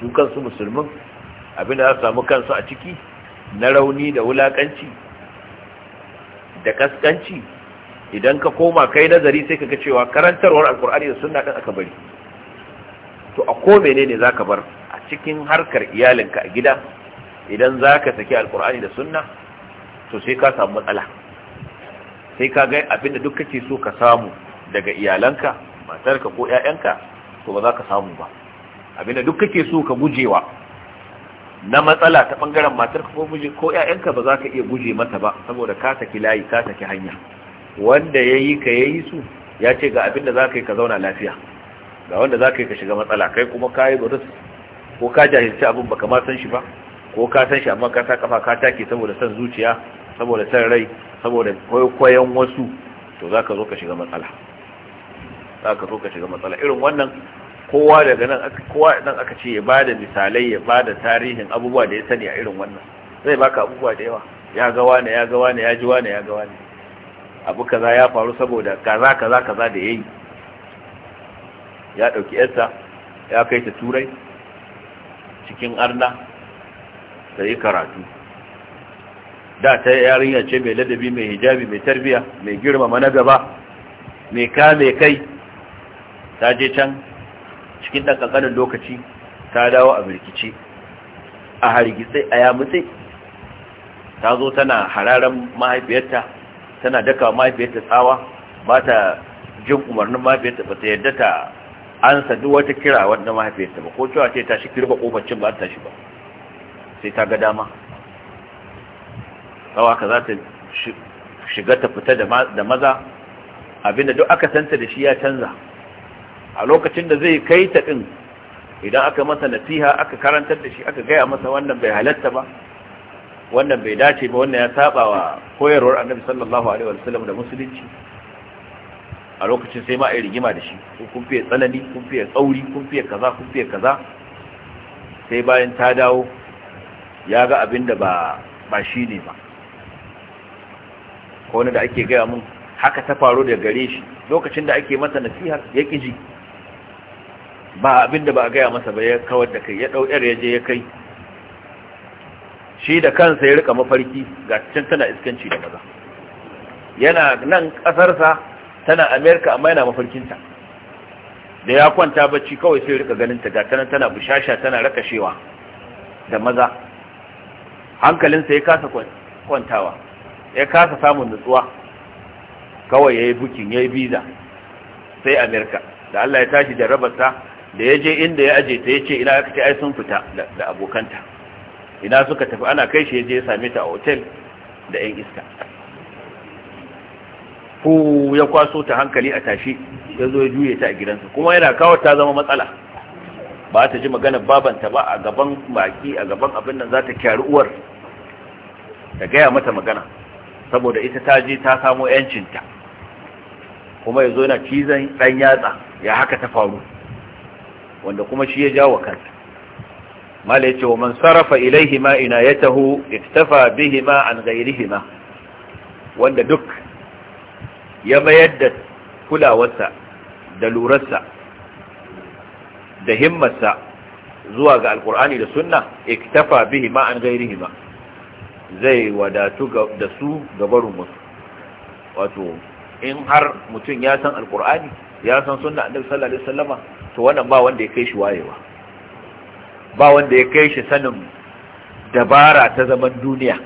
su kansu musulmin abin da za su samu kansu a ciki na rauni da wulakanci da kaskanci idan ka koma kai nazari sai kaga cewa karantarwar alkur'ani da sunna din aka bari to a ko menene zaka bar a cikin harkar iyalinka a gida idan zaka saki alkur'ani da sunna to sai ka samu matsala sai ka ga abinda duk kake so ka samu daga iyalanka matarka ko ƴaƴanka to ba za ka samu ba abinda duk kake so ka gujewa na matsala ta bangaren matarka ko miji ko ƴaƴanka ba za ka iya guje mata ba saboda ka saki layi ka saki hanya wanda yayi ka yayi su ya ce ga abinda za ka yi ka zauna lafiya ga wanda za ka yi ka shiga matsala kai kuma ka yi burus ko ka jahilci abin baka ma san shi ba ko ka san shi amma ka sa kafa ka take saboda san zuciya saboda san rai saboda kwaikwayon wasu to za ka zo ka shiga matsala za ka zo ka shiga matsala irin wannan kowa daga nan kowa nan aka ce ya bada misalai ya bada tarihin abubuwa da ya sani a irin wannan zai baka abubuwa da yawa ya ga wani ya ga wani ya ji wani ya ga wani abu kaza ya faru saboda kaza kaza kaza da yayi ya dauki yarsa ya kai ta turai cikin arna sai yi karatu da ta yarinya ce mai ladabi mai hijabi mai tarbiya mai girma na gaba mai kame kai ta je can cikin ɗan ƙanƙanin lokaci ta dawo a birkice a hargitse a yamutse ta zo tana hararen mahaifiyarta tana daka mahaifiyarta tsawa ba ta jin umarnin mahaifiyarta ba ta yadda ta ansa duk wata kira wadda mahaifiyarta ba ko cewa ce ta shi kirba ƙofar ba ta shi ba sai ta ga dama rawa ka za ta shiga ta fita da maza abinda duk aka santa da shi ya canza a lokacin da zai kai ta ɗin idan aka masa nasiha aka karantar da shi aka gaya masa wannan bai halatta ba wannan bai dace ba wannan ya saba wa koyarwar annabi sallallahu alaihi wasallam da musulunci a lokacin sai ma a rigima da shi kun fiye tsanani kun fiye tsauri kun fiye kaza kun fiye kaza sai bayan ta dawo ya ga abin da ba shi ne ba ko wani da ake gaya mun haka ta faru da gare shi lokacin da ake masa nasiha ya ji ba abinda ba a gaya masa ba ya kawar da kai ya ɗau yar ya je ya kai shi da kansa ya rika mafarki ga can tana iskanci da maza yana nan ƙasarsa tana amerika amma yana mafarkinta da ya kwanta bacci kawai sai rika ganin ta gatanan tana bushasha tana rakashewa da maza hankalinsa ya kasa kwantawa ya kasa samun nutsuwa kawai ya yi bukin ya yi biza sai amerika da allah ya tashi da jarrabarsa da ya je inda ya aje ta ya ce ina aka ce ai sun fita da abokanta ina suka tafi ana kai shi ya je ya same ta a otel da 'yan iska ku ya kwaso ta hankali a tashi ya zo ya juye ta a gidansa kuma yana kawo ta zama matsala ba ta ji maganar babanta ba a gaban baki a gaban abin nan za ta kyari uwar ta gaya mata magana saboda ita ta je ta samo yancinta kuma ya zo yana cizon ɗan yatsa ya haka ta faru wanda kuma shi ya jawo kansa mala ce wa man sarrafa ilaihima inayatahu iktafa bihima an ghayrihima wanda duk ya mayar da kulawarsa da lurarsa da himmarsa zuwa ga alkur'ani da sunna iktafa bihima an ghayrihima zai wadatu da su gabarun musu wato in har mutum ya san alkur'ani ya san sunna annabi sallallahu alaihi wasallama to wannan ba wanda ya kai shi wayewa ba wanda ya kai shi sanin dabara ta zaman duniya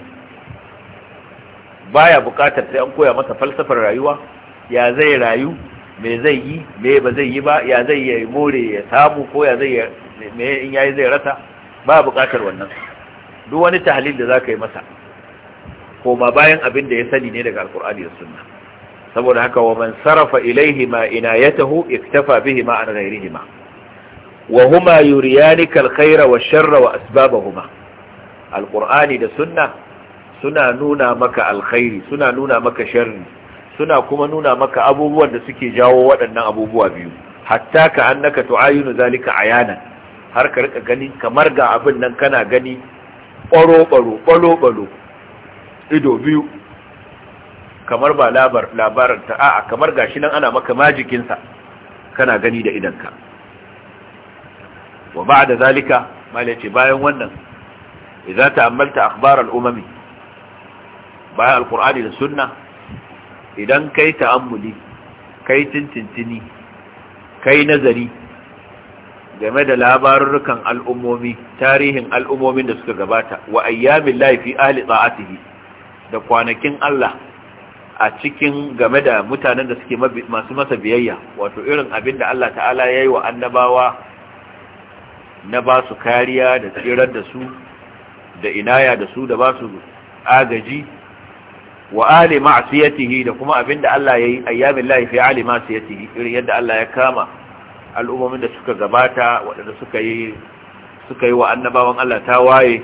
baya bukatar sai an koya masa falsafar rayuwa ya zai rayu me zai yi me ba zai yi ba ya zai yi more ya samu ko ya zai me in yayi zai rasa ba bukatar wannan duk wani tahlil da zaka yi masa koma bayan abin da ya sani ne daga alkur'ani da sunna saboda haka wa man sarafa ilayhi ma inayatahu iktafa bihi ma an ghayrihi wa huma yuriyanika alkhaira wa sharra wa asbabahuma alqur'ani da sunna suna nuna maka alkhairi suna nuna maka sharri suna kuma nuna maka abubuwan da suke jawo waɗannan abubuwa biyu hatta ka annaka tu'ayunu zalika ayana har ka rika gani kamar ga abin nan kana gani ɓaro-ɓaro ɓalo-ɓalo ido biyu kamar ba labarin ta a'a kamar gashi nan ana maka majikinsa kana gani da idanka wa ba da zalika malace bayan wannan idan ta ammalta akhbar al'umami bayan alkur'ani da sunna idan kai ta'ammuli kai tintintini kai nazari game da labarurrukan al'ummomi tarihin al'ummomin da suka gabata wa ayyamin laifi ahli tsa'atihi da kwanakin Allah a cikin game da mutanen da suke masu masa biyayya wato irin abin da Allah ta'ala ya yi wa annabawa na ba su kariya da tsirar da su da inaya da su da ba su agaji wa ali ma'siyatihi da kuma abin da Allah ya yi ayyamin laifi ali ma'siyatihi irin yadda Allah ya kama al'ummomin da suka gabata waɗanda suka yi wa annabawan Allah ta waye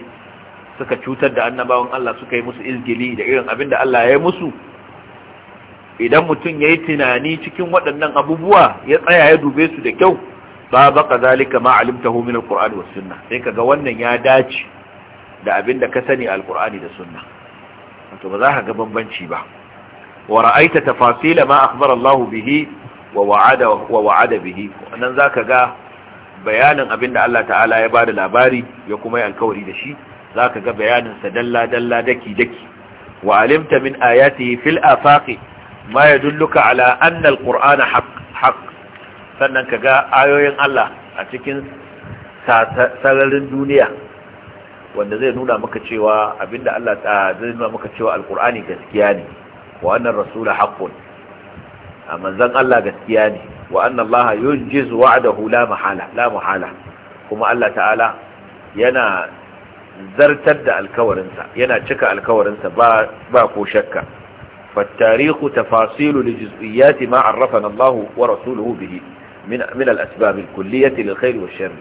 suka cutar da annabawan Allah suka yi musu izgili da irin abin da Allah ya yi musu idan mutum ya yi tunani cikin waɗannan abubuwa ya tsaya ya dube su da kyau ba baka zalika ma alimtahu min alqur'ani was sunna sai wannan ya dace da abinda ka sani alqur'ani da sunna Wato ba za ka ga bambanci ba wa ra'aita tafasila ma akhbara Allah bihi wa wa'ada bihi nan zaka ga bayanin abinda Allah ta'ala ya bada labari ya kuma yi alkawari da shi zaka ga bayanin sa dalla dalla daki daki wa alimta min ayatihi fil afaqi ma yadulluka ala anna alqur'ana haqq haqq sannan kaga ayoyin Allah a cikin sararin duniya wanda zai nuna maka cewa abinda Allah ta zai nuna maka cewa alqur'ani gaskiya ne wa annar rasula haqqun a manzan Allah gaskiya ne wa anna Allah yujiz wa'dahu la mahala la mahala kuma Allah ta'ala yana zartar da alkawarinsa yana cika alkawarinsa ba ba ko shakka tafasilu li juz'iyyati ma Allah wa rasuluhu bihi min min al-asbab al من lil الكلية للخير sharr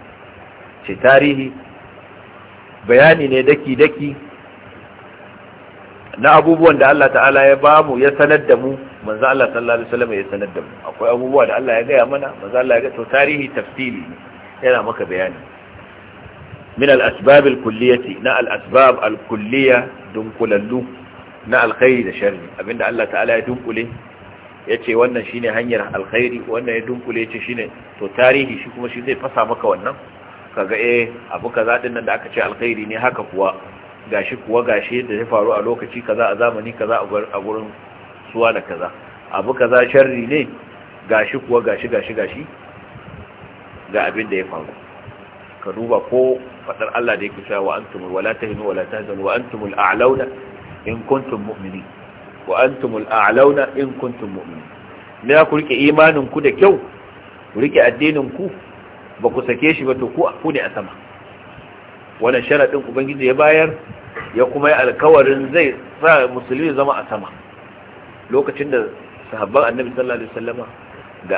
في tarihi bayani ne daki-daki na abubuwan da Allah ta'ala ya bamu ya sanar da mu manzo Allah sallallahu alaihi wasallam ya sanar da mu akwai abubuwa da Allah ya gaya mana manzo Allah ya ga to tarihi tafsili yana maka bayani min al-asbab al-kulliyati na al-asbab al-kulliya dunkulallu na khair da sharri abinda Allah ta'ala ya dunkule yace wannan shine hanyar khairi wannan ya dunkule yace shine to tarihi shi kuma shi zai fasa maka wannan kaga eh abu kaza din nan da aka ce khairi ne haka kuwa gashi kuwa gashi yadda ya faru a lokaci kaza a zamani kaza a gurin suwa da kaza abu kaza sharri ne gashi kuwa gashi gashi gashi ga abin da ya faru ka duba ko fadar Allah da yake cewa antum wala tahinu wala tahzanu wa antumul a'launa in kuntum mu'minin wa antumul a'launa in kuntum mu'minin me ya ku rike imanin ku da kyau ku rike addinin ku ba ku sake shi ba to ku ku ne a sama wannan sharaɗin ubangiji ya bayar ya kuma yi alkawarin zai sa musulmi zama a sama lokacin da sahabban annabi sallallahu alaihi wasallama da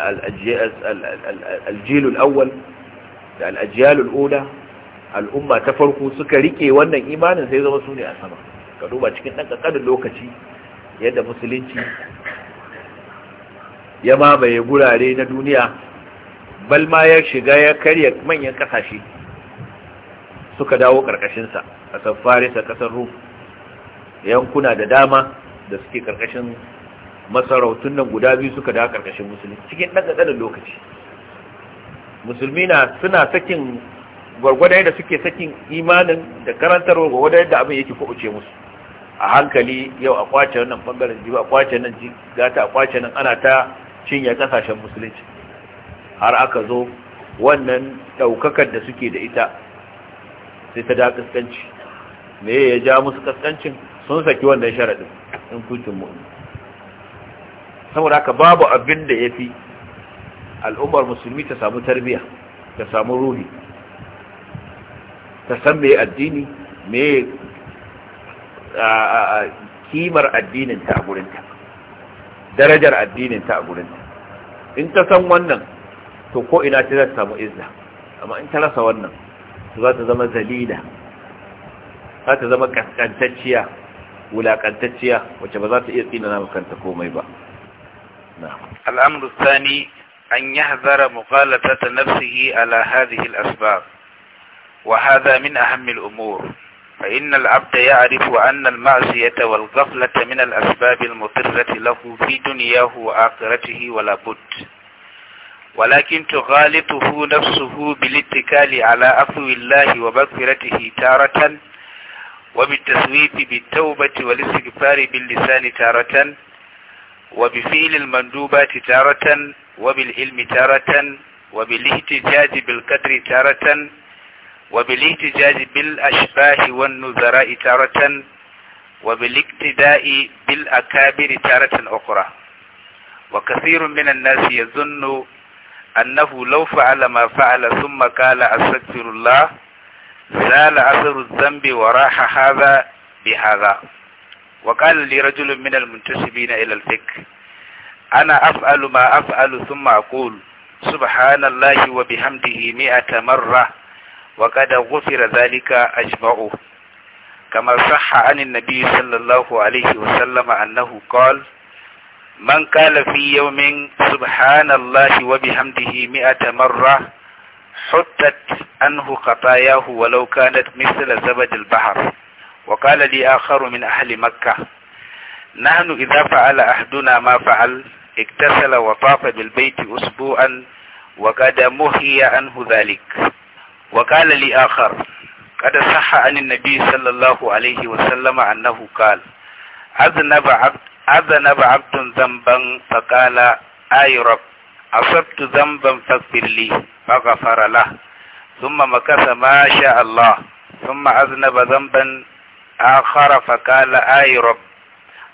aljilul awwal da al'ajiyalul oda al'umma ta farko suka rike wannan imanin sai zama sune ne a sama ka duba cikin ɗan ƙaƙanin lokaci yadda musulunci ya mamaye gurare na duniya balma ya shiga ya karya manyan ƙasashe suka dawo ƙarƙashinsa ƙasar faris a ƙasar rum yankuna da dama da suke ƙarƙashin masarautun nan guda biyu suka dawo ƙarƙashin musulmi cikin ɗan ƙaɗanin lokaci musulmi na suna sakin gwargwada da suke sakin imanin da karantarwa gwargwada da abin yake kuɓuce musu a hankali yau a kwace nan bangaren jibi a kwace nan gata a kwace nan ana ta cinye ƙasashen musulunci har aka zo wannan ɗaukakar da suke da ita sai ta da kaskanci me ya ja musu kaskancin sun saki wannan sharadin in kuntum mu'min saboda haka babu abin da yafi al'ummar musulmi ta samu tarbiyya, ta samu ruhi ta san me addini me kimar addinin ta a gurinta darajar addinin ta a gurinta in ta san wannan to ko ina ta za ta samu izza amma in ta rasa wannan za ta zama zalila za ta zama kantacciya wulakantacciya wacce ba za ta iya tsinana makanta komai ba al'amru sani an yi hazara mukallata ta nafsihi ala hadhihi al wa hadha min ahammi al-umur فإن العبد يعرف أن المعصية والغفلة من الأسباب المضرة له في دنياه وآخرته ولا بد ولكن تغالطه نفسه بالاتكال على عفو الله ومغفرته تارة وبالتسويف بالتوبة والاستغفار باللسان تارة وبفعل المندوبات تارة وبالعلم تارة وبالاحتجاج بالقدر تارة وبالاحتجاج بالأشباه والنذراء تارة وبالاقتداء بالأكابر تارة أخرى وكثير من الناس يظن أنه لو فعل ما فعل ثم قال أستغفر الله زال أثر الذنب وراح هذا بهذا وقال لي رجل من المنتسبين إلى الفكر أنا أفعل ما أفعل ثم أقول سبحان الله وبحمده مئة مرة وقد غفر ذلك أجمعه كما صح عن النبي صلى الله عليه وسلم أنه قال من قال في يوم سبحان الله وبحمده مئة مرة حتت عنه خطاياه ولو كانت مثل زبد البحر وقال لي آخر من أهل مكة نحن إذا فعل أحدنا ما فعل اكتسل وطاف بالبيت أسبوعا وقد مهي عنه ذلك وقال لي آخر قد صح عن النبي صلى الله عليه وسلم أنه قال أذنب عبد azana ba abdun zamban faƙala ayurab asabtu zamban fasfirli faga farala makasa ma Allah summa azana ba akhara faƙala ayurab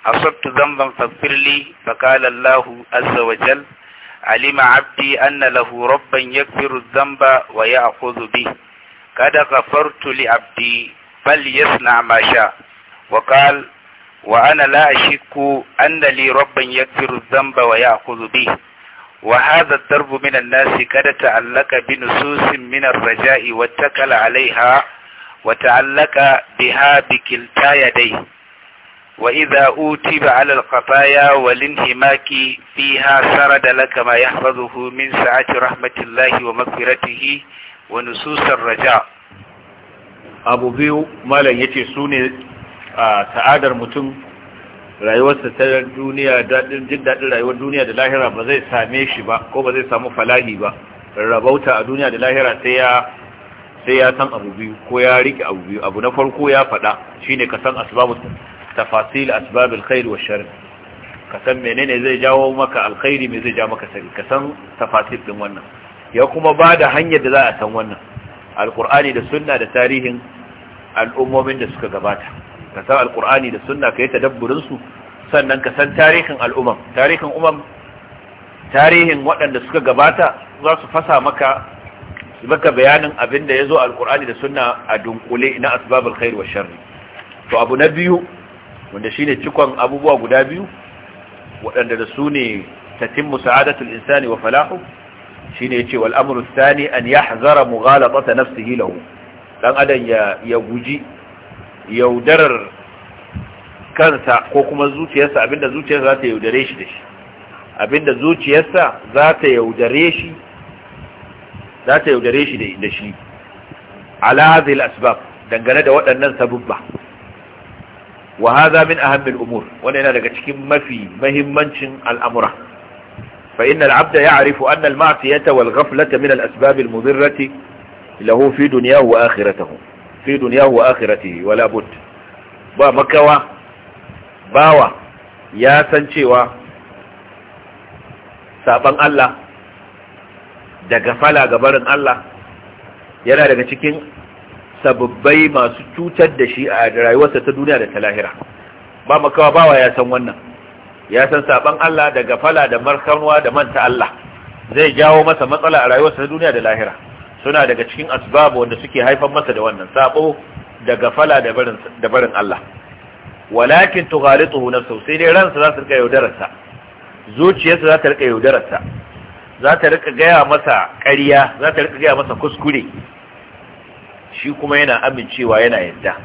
asabtu zamban fasfirli azza wa jal alima abdi anna lahu rabban yakfiru zamba wa ya bi kada ghafartu li abdi bal yasna ma sha وقال wa ana la ashikku anna li rabban yaghfiru dhanba wa ya'khudhu bi wa hadha ad-darbu min an-nasi qad ta'allaqa bi nususin min ar-raja'i wa takala 'alayha wa ta'allaqa biha bi kilta yaday wa idha utiba 'ala al-qataya wa al-inhimaki fiha sarada laka ma yahfazuhu min sa'ati rahmatillahi wa maghfiratihi wa nusus raja abu malam yace sune A sa'adar mutum rayuwarsa ta duniya daɗin jin daɗin rayuwar duniya da lahira ba zai same shi ba ko ba zai samu falahi ba rabauta a duniya da lahira sai ya sai ya san abu biyu ko ya rike abu biyu abu na farko ya faɗa shine ka san asbabu tafasil asbabul khair wa shar ka san menene zai jawo maka alkhairi me zai jawo maka sharri ka san tafasil din wannan ya kuma ba da hanyar da za a san wannan alqur'ani da sunna da tarihin al'ummomin da suka gabata ka san alqur'ani da sunna ka yi tadabburin su sannan ka san tarihin al'umam tarihin umam tarihin waɗanda suka gabata za su fasa maka maka bayanin abin da ya zo alkur'ani da sunna a dunkule na asbabul khair wa sharri to abu na biyu wanda shine cikon abubuwa guda biyu waɗanda da su ne tatimmu sa'adatul insani wa falahu shine yace wal amru thani an yahzara mughalata nafsihi lahu dan adam ya ya guji yaudarar kansa ko kuma zuciyarsa abinda zuciyarsa za ta yaudare shi da shi abinda zuciyarsa za ta yaudare shi za ta yaudare shi da shi ala asbab dangane da waɗannan sabubba wa hadha min ahammi al-umur wannan yana daga cikin mafi muhimmancin al'amura fa innal 'abda ya'rifu anna al-ma'siyata wal ghaflata min al-asbab al-mudirrati lahu fi dunyahu wa akhiratihi fi dunyahu wa akhiratihi wala bud ba makawa bawa ya san cewa saban Allah daga fala gabarin Allah yana daga cikin sababbai masu cutar da shi a rayuwarsa ta duniya da ta lahira ba makawa bawa ya san wannan ya san saban Allah daga fala da markanwa da manta Allah zai jawo masa matsala a rayuwarsa ta duniya da lahira suna daga cikin asbabu wanda suke haifar masa da wannan sabo da fala da barin Allah walakin tughalituhu nafsuhu sai dai ransa za ta rika yaudararsa zuciyarsa za ta rika yaudararsa za ta rika gaya masa ƙarya za ta rika gaya masa kuskure shi kuma yana amincewa yana yadda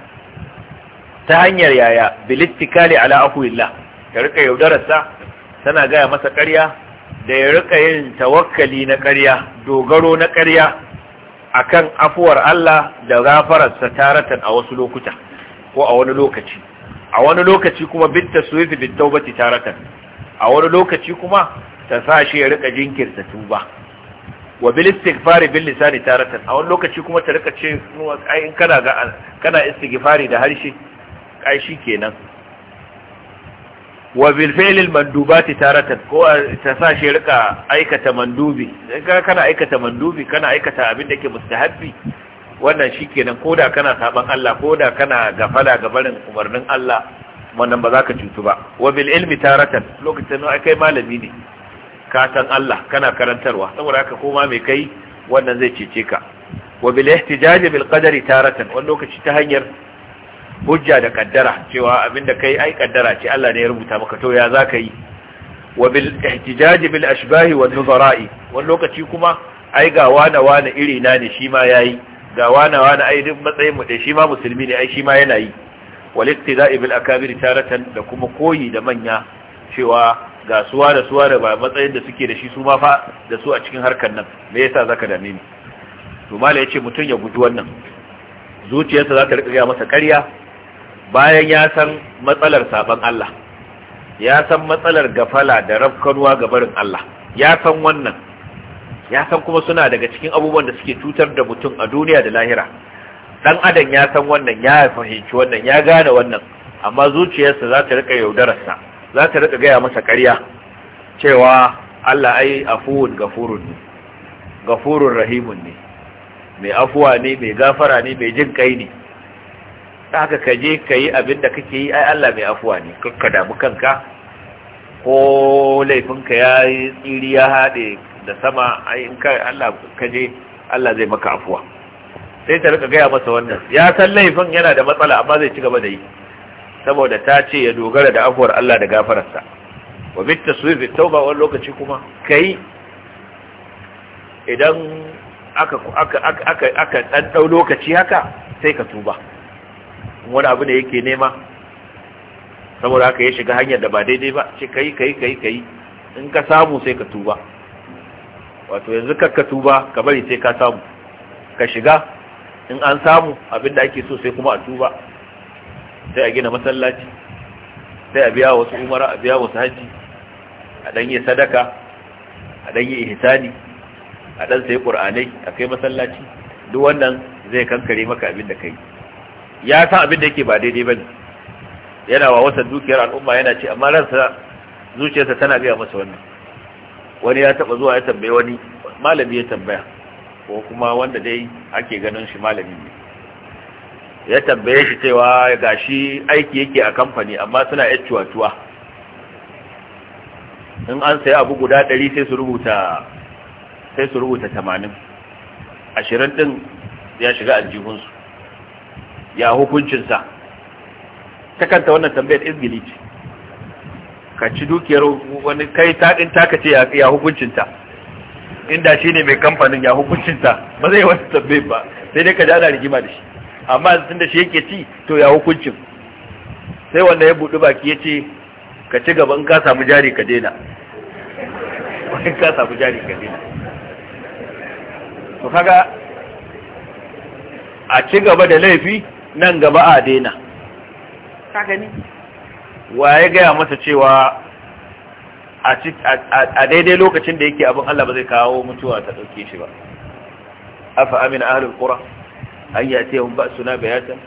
ta hanyar yaya bilittikali ala afuwillah ta rika yaudararsa tana gaya masa ƙarya da ya rika yin tawakkali na ƙarya dogaro na ƙarya akan afuwar Allah da gafararsa taratan a wasu lokuta ko a wani lokaci a wani lokaci kuma taswifi bit bittaubati taratan a wani lokaci kuma ta sa shi ya rika jinkirta tuba wa bil istighfari bil lisan taratan a wani lokaci kuma ta rika ce kana ga kana istighfari da harshe ai shikenan wa bil mandubati taratan ko ta sa shi rika aikata mandubi kana aikata mandubi kana aikata abin da ke mustahabbi wannan shikenan kana saban Allah ko da kana gafala ga barin umarnin Allah wannan ba za ka cutu ba wa bil ilmi taratan lokacin da kai malami ne ka san Allah kana karantarwa saboda haka koma mai kai wannan zai cece ka wa bil ihtijaj bil qadari taratan wannan lokaci ta hanyar hujja da kaddara cewa abinda kai ai kaddara ce Allah ne ya rubuta maka to ya zaka yi wa bil ihtijaj bil ashbah wa nuzara'i wani lokaci kuma ai ga wana wana iri na ne shi ma yayi ga wana wana ai duk matsayin mu da shi ma musulmi ne ai shi ma yana yi wal iktida'i bil akabir taratan da kuma koyi da manya cewa ga suwa da suwa da matsayin da suke da shi su ma fa da su a cikin harkar nan me yasa zaka dame ni to mala yace mutun ya guji wannan zuciyarsa za ta riƙa masa ƙarya bayan ya san matsalar saban Allah ya san matsalar gafala da rafkanuwa ga barin Allah ya san wannan ya san kuma suna daga cikin abubuwan da suke cutar da mutum a duniya da lahira dan adam ya san wannan ya fahimci wannan ya gane wannan amma zuciyarsa za ta rika yaudararsa za ta rika gaya masa ƙarya cewa Allah ai afuwun gafurun ne gafurun rahimun ne mai afuwa ne mai gafara ne mai jin kai ne haka ka je ka yi abin da kake yi ai Allah mai afuwa ne ka damu kanka ko laifinka ya yi tsiri ya haɗe da sama ai in ka Allah ka je Allah zai maka afuwa sai ta rika gaya masa wannan ya san laifin yana da matsala amma zai ci gaba da yi saboda ta ce ya dogara da afuwar Allah da gafararsa wa bit taswif tauba wani lokaci kuma kai idan aka aka aka aka dan lokaci haka sai ka tuba wani abu ne yake nema saboda haka ya shiga hanyar da ba daidai ba ce kai kai kai kai in ka samu sai ka tuba wato yanzu ka tuba ka bari sai ka samu ka shiga in an samu abinda ake so sai kuma a tuba sai a gina masallaci sai a biya wasu umara a biya wasu hajji a yi sadaka a yi ihsani a dan sai ƙur'anai a kai masallaci duk wannan zai kankare maka abin da kai ya san abin da yake ba daidai bane yana wa wasa dukiyar al'umma yana ce amma ransa zuciyarsa tana gaya masa wannan wani ya taba zuwa ya tambaye wani malami ya tambaya ko kuma wanda dai ake ganin shi malami ne ya tambaye shi cewa gashi aiki yake a kamfani amma suna yan cuwatuwa in an sayi abu guda ɗari sai su rubuta sai su rubuta 80 ashirin ɗin ya shiga aljihunsu ya hukuncinsa ta kanta wannan tambayar izgili ce ka ci dukiyar wani kai in taka ce ya hukuncinta inda shi ne mai kamfanin ya hukuncinta ba zai wata tambayar ba sai dai ka ji ana rigima da shi amma tun da shi yake ci to ya hukuncin sai wanda ya buɗi baki ya ce ka ci gaba in ka samu jari ka daina [laughs] in ka samu jari ka daina to kaga a ci gaba da laifi nan gaba a daina ka gani waye gaya masa cewa a daidai lokacin da yake abin Allah ba zai kawo mutuwa ta ɗauke shi ba afa amina ahlul qura an yatihum ba'suna bayatan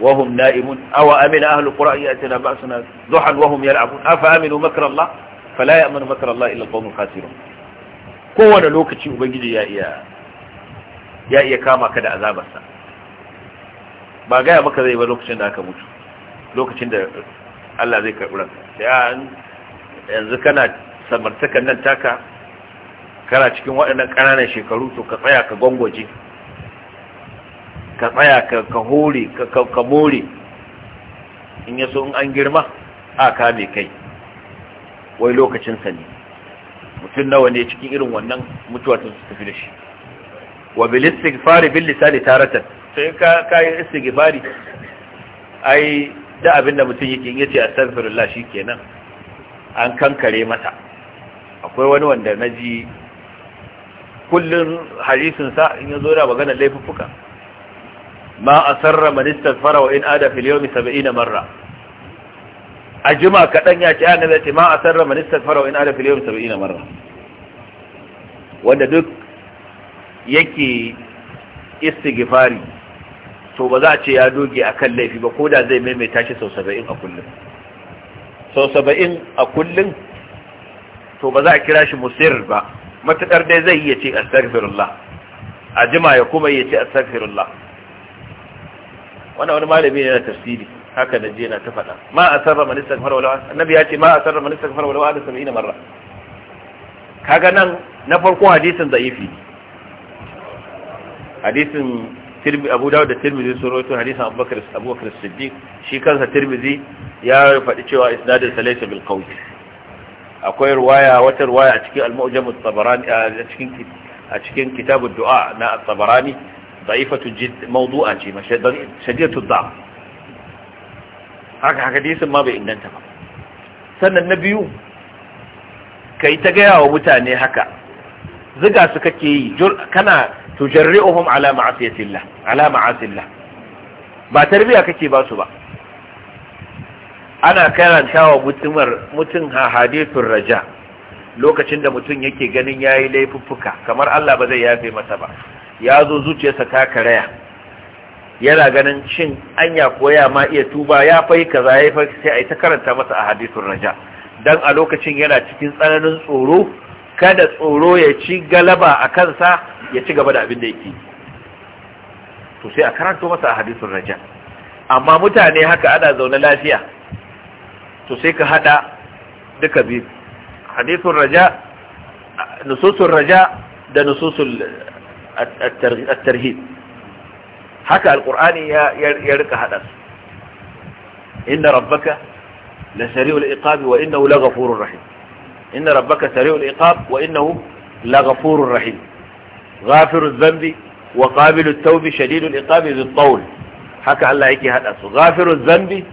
wa hum na'imun aw amina ahlul qura an yatina ba'suna duhan wa hum yal'abun afa aminu makra Allah fala ya'minu makra Allah illa al-qawmul kowane lokaci ubangiji ya ya iya kama ka da azabarsa ba gaya maka zai ba lokacin da aka mutu lokacin da Allah zai karɓi ranka sai ah, yanzu kana samartakan nan taka kana cikin waɗannan ƙananan shekaru to ka tsaya ka gwangwaje ka tsaya ka hore ka more in yaso in an girma a kame kai wai lokacinsa ne mutum nawa ne cikin irin wannan mutuwa ta tafi da shi wa bilistik fari bin lisani taratan sai ka kayi istighfari ai da abin da mutum yake yace astaghfirullah shikenan an kankare masa akwai wani wanda naji kullun hadisin sa in yazo da magana laifuffuka ma asarra man istaghfara wa in ada fil yawmi 70 marra a jima kaɗan ya ce annabi ce ma asarra man ministan wa in ala filiyon saba'i na marra. wanda duk yake istighfari to ba za a ce ya doge a kan laifi ba ko da zai maimaita shi sau saba'in a kullum sau saba'in a kullum to ba za a kira shi musir ba matuƙar dai zai iya ce astaghfirullah a jima ya kuma iya ce astaghfirullah wannan wani malami ne na tafsiri haka na je na ta faɗa ma a sarra manistan istaghfara wala annabi ya ce ma a sarra man istaghfara da wa'ada marra kaga nan na farko hadisin za'ifi. hadisin abu dawud da tirmizi sun rawaito hadisin abubakar abubakar siddiq shi kansa tirmizi ya faɗi cewa isnadin sa laysa bil qawl akwai ruwaya wata ruwaya a cikin al-mu'jam at-tabarani a cikin a cikin kitab ad-du'a na at-tabarani da'ifatu jidd mawdu'a ce shadidatu da'f haka hadisin ma bai inganta ba sannan na biyu kai ta gaya wa mutane haka ziga su kake yi kana tujarri'uhum ala ma'asiyatillah ala ma'asillah ba tarbiya kake ba su ba ana karantawa mutumar mutum hadithur raja lokacin da mutum yake ganin yayi laifuffuka kamar Allah ba zai yafe masa ba ya zo zuciyarsa ta karaya yana ganin shin anya koya ma iya tuba ya fai kaza ya fai sai ai ta karanta masa a raja dan a lokacin yana cikin tsananin tsoro kada tsoro ya ci galaba a kansa ya ci gaba da abin da yake to sai a karanto masa a hadisun raja amma mutane haka ana zaune lafiya to sai ka hada duka biyu hadisun raja nususun raja da nususun at-tarhib haka alqur'ani ya ya rika hada inna rabbaka la sari'ul iqabi wa innahu laghafurur rahim إن ربك سريع العقاب وإنه لغفور رحيم غافر الذنب وقابل التوب شديد العقاب ذي الطول حكى الله هيك هذا غافر الذنب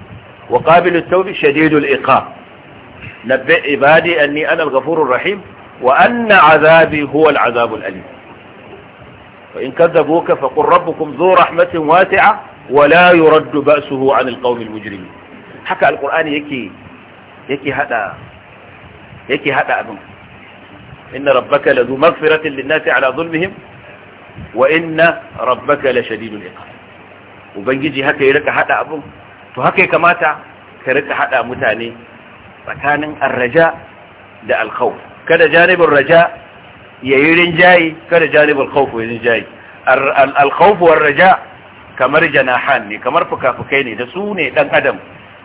وقابل التوب شديد العقاب نبئ عبادي أني أنا الغفور الرحيم وأن عذابي هو العذاب الأليم فإن كذبوك فقل ربكم ذو رحمة واسعة ولا يرد بأسه عن القوم المجرمين حكى القرآن يكي يكي هذا yake hada abin inna rabbaka lazu maghfiratin linnasi ala zulmihim wa inna rabbaka la shadidul iqab ubangiji haka ya rika hada abin to haka kamata ka rika hada mutane tsakanin arraja da alkhawf kada janibin raja yayi rinjayi kada janibin khawf yayi rinjayi alkhawf war raja kamar janahan ne kamar fukafukai ne da su ne dan adam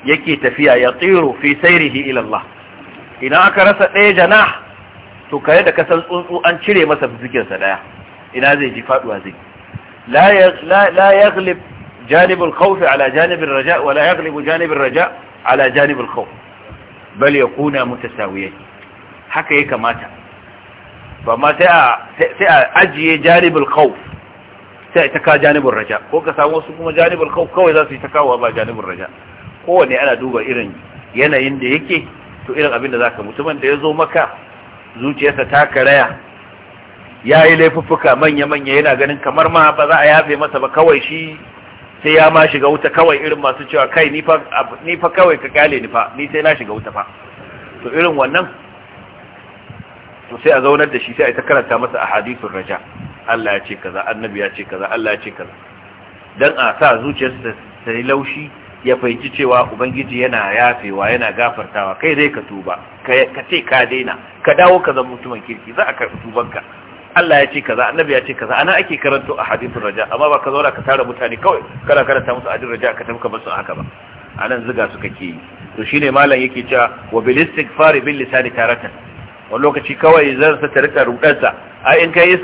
yake tafiya ya tsiro fi sayrihi ila Allah idan aka rasa ɗaya jana to kare da kasan tsuntsu an cire masa fifikirsa ɗaya. ina zai ji faɗuwa zai la yaghlib janibul khawf ala janibir raja wa la yaghlibu janibir raja ala janibul khawf bal yakuna mutasawiyain haka ya kamata ba ma sai a sai a ajiye janibul khawf sai ta ka janibul raja ko ka samu wasu kuma janibul khawf kawai za su yi ta kawo ba janibul raja kowanne ana duba irin yanayin da yake to irin abin da zaka mutumin da ya zo maka zuciyarsa ta karaya ya yi laifuffuka manya-manya yana ganin kamar ma ba za a yafe masa ba kawai shi sai ya ma shiga wuta kawai irin masu cewa kai ni fa kawai ka kyale ni fa ni sai na shiga wuta fa to irin wannan to sai a zaunar da shi sai a ta karanta masa a hadisun raja Allah ya ce kaza annabi ya ce kaza Allah ya ce kaza dan a sa zuciyarsa ta yi laushi ya fahimci cewa ubangiji yana yafewa yana gafartawa kai zai ka tuba ka ce ka daina ka dawo ka zama mutumin kirki za a karɓi tubanka Allah ya ce kaza annabi ya ce kaza ana ake karanto a hadithun raja amma ba ka zauna ka tara mutane kawai kana karanta musu hadithun raja ka tamka basu haka ba anan ziga su kake yi to shine malam yake cewa wa bil istighfar bil lisan taratan wani lokaci kawai zan sa tarika rudansa ai in kai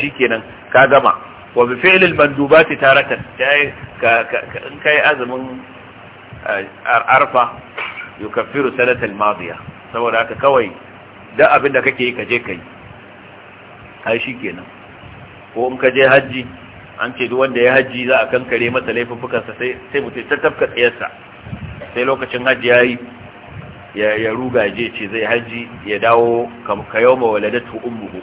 shi kenan, ka gama wa bi fi'lil mandubati taratan kai in kai azumin eh, arfa yukaffiru sanatal madiya saboda haka kawai da abinda kake yi ka je kai ai shikenan ko in ka je haji an ce duk wanda ya haji za a kankare masa sa sai sai mutum ta tafka tsayarsa sai lokacin haji yayi ya ruga je ce zai haji ya dawo ka yau ma waladatu ummuhu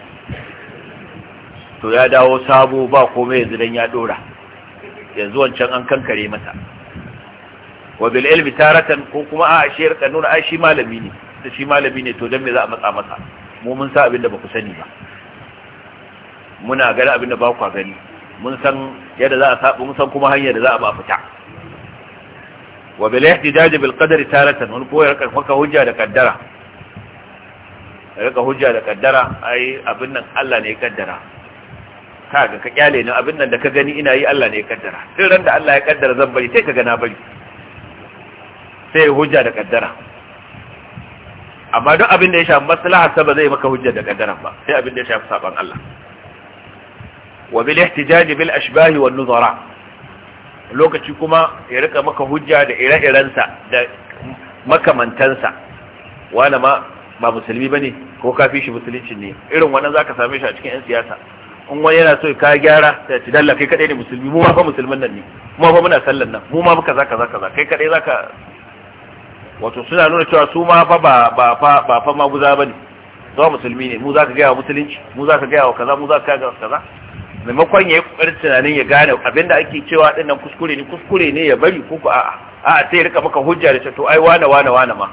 to ya dawo sabo ba komai yanzu dan ya dora yanzu wancan an kankare masa wa bil ilmi taratan ko kuma a shi rika nuna ai shi malami ne da shi malami ne to dan me za a matsa masa mu mun sa abin da ku sani ba muna gani abin da ba ku gani mun san yadda za a sabu mun san kuma hanyar da za a ba fita wa bil ihtijaj bil qadari taratan wani koyar kan haka hujja da kaddara rika hujja da kaddara ai abin nan Allah ne ya kaddara kaga ka kyale ni abin nan da ka gani ina yi Allah ne ya kaddara sai ran da Allah ya kaddara zan bari sai ka gana bari sai ya hujja da kaddara amma duk abin da ya shafi maslaha ta ba zai maka hujja da kaddara ba sai abin da ya shafi saban Allah wa bil ihtijaj bil ashbah wan nuzara lokaci kuma ya rika maka hujja da ire-irensa da makamantansa wani ma ba musulmi bane ko kafi shi musulunci ne irin wannan zaka same shi a cikin yan siyasa in wani yana so ka gyara da ci dalla kai kadai ne musulmi mu ma fa musulman nan ne mu ma fa muna sallan nan mu ma fa kaza kaza kaza kai kadai zaka wato suna nuna cewa su ma fa ba ba fa ba fa guza bane zuwa musulmi ne mu zaka gaya wa musulunci mu zaka gaya wa kaza mu zaka gaya wa kaza maimakon ya yi kokarin tunanin ya gane abinda ake cewa dinnan kuskure ne kuskure ne ya bari ko ko a'a a'a sai rika maka hujja da to ai wane wane wane ma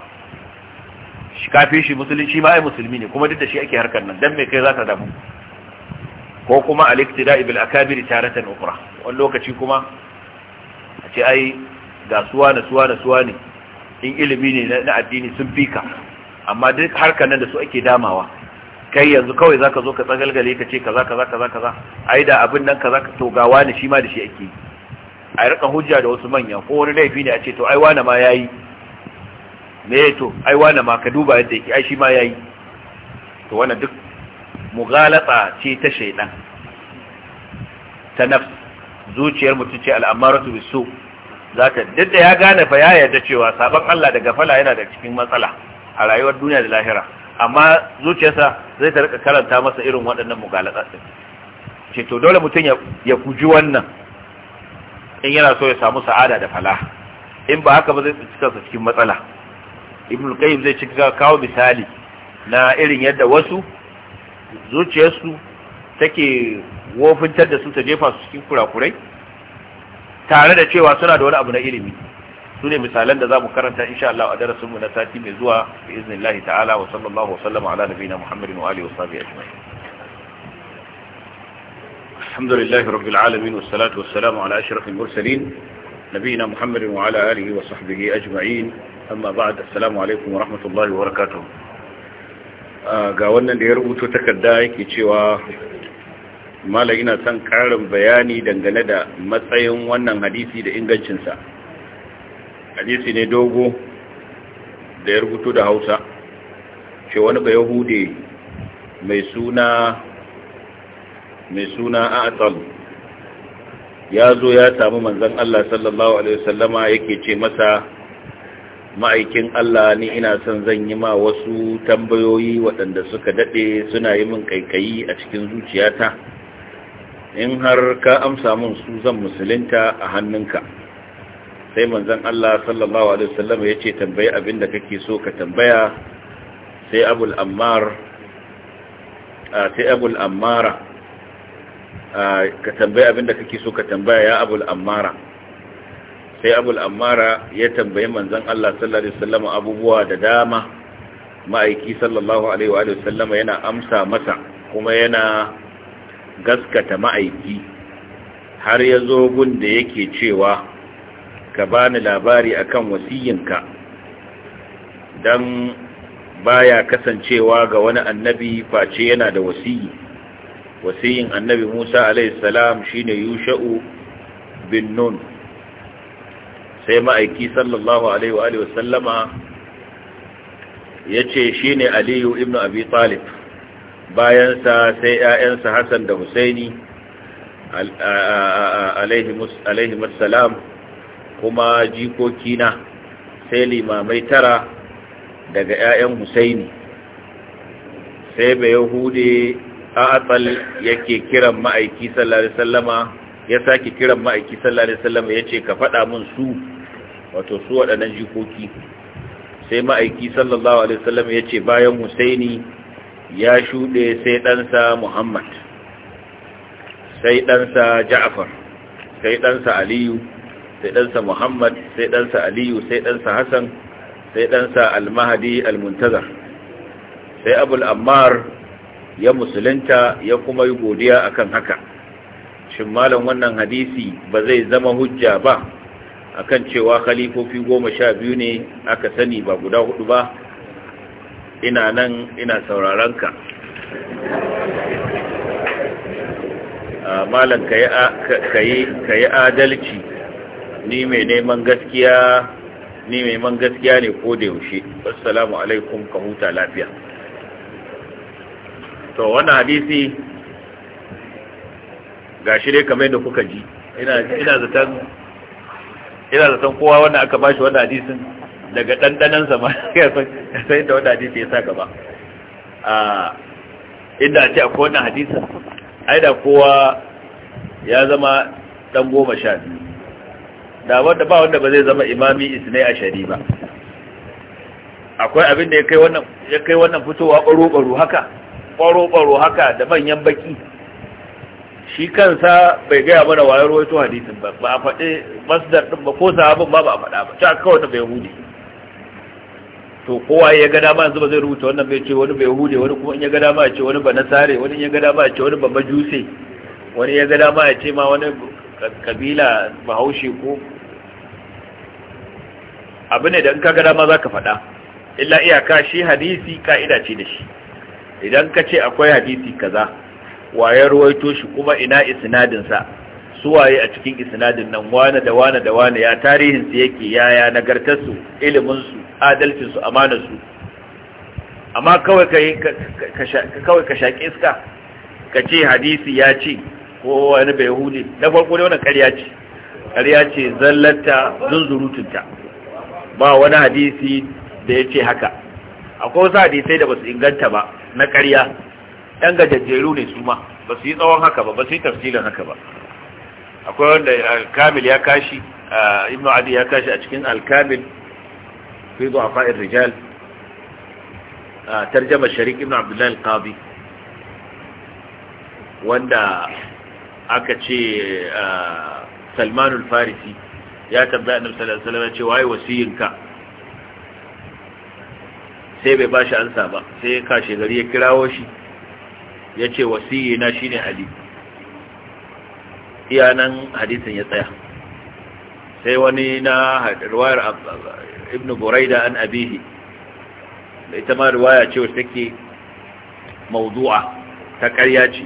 shi kafin shi musulunci ma ai musulmi ne kuma duk da shi ake harkar nan dan me kai zaka damu ko kuma a iktida bil akabir taratan nufura. wani lokaci kuma a ce ai ga suwa na suwa na suwa ne in ilimi ne na addini sun fika amma duk harkar nan da su ake damawa kai yanzu kawai zaka zo ka tsagalgale ka ce kaza kaza kaza kaza ai da abin nan kaza ka to gawa ne shi ma da shi ake a rika hujja da wasu manya ko wani laifi ne a ce to ai wani ma yayi me to ai wani ma ka duba yadda yake ai shi ma yayi to wannan duk mughalata ce ta shaidan ta nafs zuciyar mutum ce al'amaratu bisu zaka dinda ya gane fa ya yarda cewa sabon Allah daga fala yana da cikin matsala a rayuwar duniya da lahira amma zuciyarsa zai ta rika karanta masa irin waɗannan mughalata din ce to dole mutum ya kuji wannan in yana so ya samu sa'ada da fala in ba haka ba zai cika sa cikin matsala ibnu qayyim zai cika kawo misali na irin yadda wasu zuciyarsu take wofintar da su ta jefa su cikin kurakurai tare da cewa suna da wani abu na ilimi su ne misalan da za mu karanta insha Allah a darasin mu na sati mai zuwa bi iznillahi ta'ala wa sallallahu wa sallama ala nabiyina Muhammadin wa alihi wa sahbihi ajma'in alhamdulillahi rabbil alamin was salatu was salamu ala ashrafil mursalin nabiyina Muhammadin wa ala alihi wa sahbihi ajma'in amma ba'd assalamu alaikum wa rahmatullahi wa barakatuh ga wannan da ya rubuto takarda yake cewa mala ina son karin bayani dangane da matsayin wannan hadisi da ingancinsa hadisi ne dogo da ya rubuto da hausa ce wani ba yahude mai suna mai suna atal ya zo ya samu manzan Allah sallallahu Alaihi wasallama yake ce masa ma'aikin Allah ni ina son zan yi ma wasu tambayoyi waɗanda suka daɗe suna yi min kaikayi a cikin zuciyata in har ka amsa min su zan musulunta a hannunka sai manzon Allah sallallahu alaihi wasallam ya ce tambayi abin da kake so ka tambaya sai abul ammar sai abul ammara ka tambayi abin da kake so ka tambaya ya abul ammara sai abul ammara ya tambayi manzon Allah sallallahu alaihi wasallam abubuwa da dama ma'aiki sallallahu alaihi wa sallam yana amsa masa kuma yana gaskata ma'aiki har ya zo gun da yake cewa ka bani labari akan wasiyinka dan baya kasancewa ga wani annabi face yana da wasiyi wasiyin annabi Musa alaihi salam shine yusha'u bin nun sai ma'aiki sallallahu alaihi wa sallama ya ce shi ne aliyu ibn abi talib bayansa sai ‘ya'yansa hassan da husaini alaihi musallam kuma jikokina sai limamai tara daga ‘ya'yan husaini sai bai yahude a atsal yake kiran ma'aiki sallallahu alaihi sallama ya sake kiran ma'aiki sallallahu alaihi sallama ya ce ka faɗa mun su wato su waɗannan jikoki sai ma'aiki sallallahu alaihi wasallam ya ce bayan husaini ya shuɗe sai ɗansa muhammad sai ɗansa ja'afar sai ɗansa aliyu sai ɗansa muhammad sai ɗansa aliyu sai ɗansa hassan sai ɗansa almahadi almuntazar sai abul ammar ya musulunta ya kuma yi godiya akan haka shin malam wannan hadisi ba zai zama hujja ba akan cewa khalifofi goma sha biyu ne aka sani ba guda hudu ba ina nan ina sauraron ah, malam ka yi adalci ni mai neman gaskiya ni mai man gaskiya ne ko da yaushe assalamu alaikum ka huta lafiya to wannan hadisi gashi dai kamar yadda kuka ji ina zaton ina da san kowa wanda aka bashi wannan hadisin daga dandanan sa ma [laughs] ya da wannan hadisi ya saka ba a inda a ce akwai wannan hadisin ai da kowa ya zama dan goma sha biyu da wanda ba wanda ba zai zama imami isnai a shari ba akwai abin da ya kai wannan ya kai wannan fitowa baro baro haka baro baro haka da manyan baki shi kansa bai gaya mana wayar wato hadisin ba ba a faɗi masdar ɗin ba ko sahabin ba ba a faɗa ba ta kawai ta bai hude to kowa ya ga dama yanzu ba zai rubuta wannan bai ce wani bai hude wani kuma in ya ga dama ya ce wani ba nasare wani ya ga dama ya ce wani ba majuse wani ya ga dama ya ce ma wani kabila bahaushe ko abu ne da in ka ga dama za ka faɗa illa iyaka shi hadisi ka'ida ce da shi idan ka ce akwai hadisi kaza waye ruwaito shi kuma ina isnadinsa waye a cikin isnadin nan wane da wane da wane ya tarihinsu yake yaya nagartarsu iliminsu adalcinsu amanarsu amma kawai ka shaƙi iska ka ce hadisi ya ce ko wani bai hude na farko ne wani ƙarya ce ƙarya ce zallata zunzurutunta ba wani hadisi da ya ce haka akwai wasu hadisai da basu inganta ba na ƙarya yan gajajjeru ne su ma ba su yi tsawon haka ba ba su yi tafsilin haka ba akwai wanda kamil ya kashi ibnu adi ya kashi a cikin alkamil fi zuwa ar-rijal tarjama sharik ibnu Abdullahi al wanda aka ce salmanul farisi ya tabbi annabi sallallahu ya ce waye wasiyinka sai bai ba shi ansa ba sai ya kashe gari ya kirawo shi ya ce wasiyi na shi ne ali iyanan hadisin ya tsaya sai wani na ruwayar ibn buraida an abihi da ita ma ruwaya ce wasu take mawdu'a ta ƙarya ce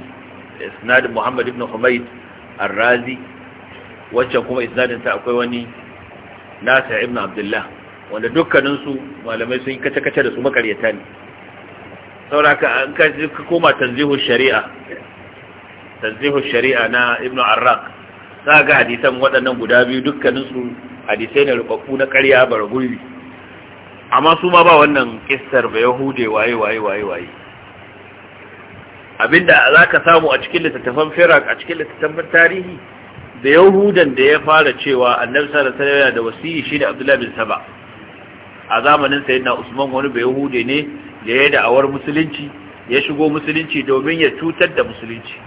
isnadin muhammad ibn humayd ar waccan kuma isnadin ta akwai wani nasa ibn abdullah wanda dukkaninsu malamai sun yi kace-kace da su makaryata ne sauraka an ka koma tanzihu shari'a tanzihu shari'a na ibn arraq za ga hadisan waɗannan guda biyu dukkaninsu hadisai na rubabbu na ƙarya bar guri. amma su ma ba wannan kissar ba yahude waye waye waye waye abinda za ka samu a cikin littattafan firak a cikin littattafan tarihi da yahudan da ya fara cewa annabi sallallahu alaihi wasallam da wasiyi da abdullahi bin saba a zamanin sayyidina usman wani bai yahude ne da ya da'awar musulunci ya shigo musulunci domin ya cutar da musulunci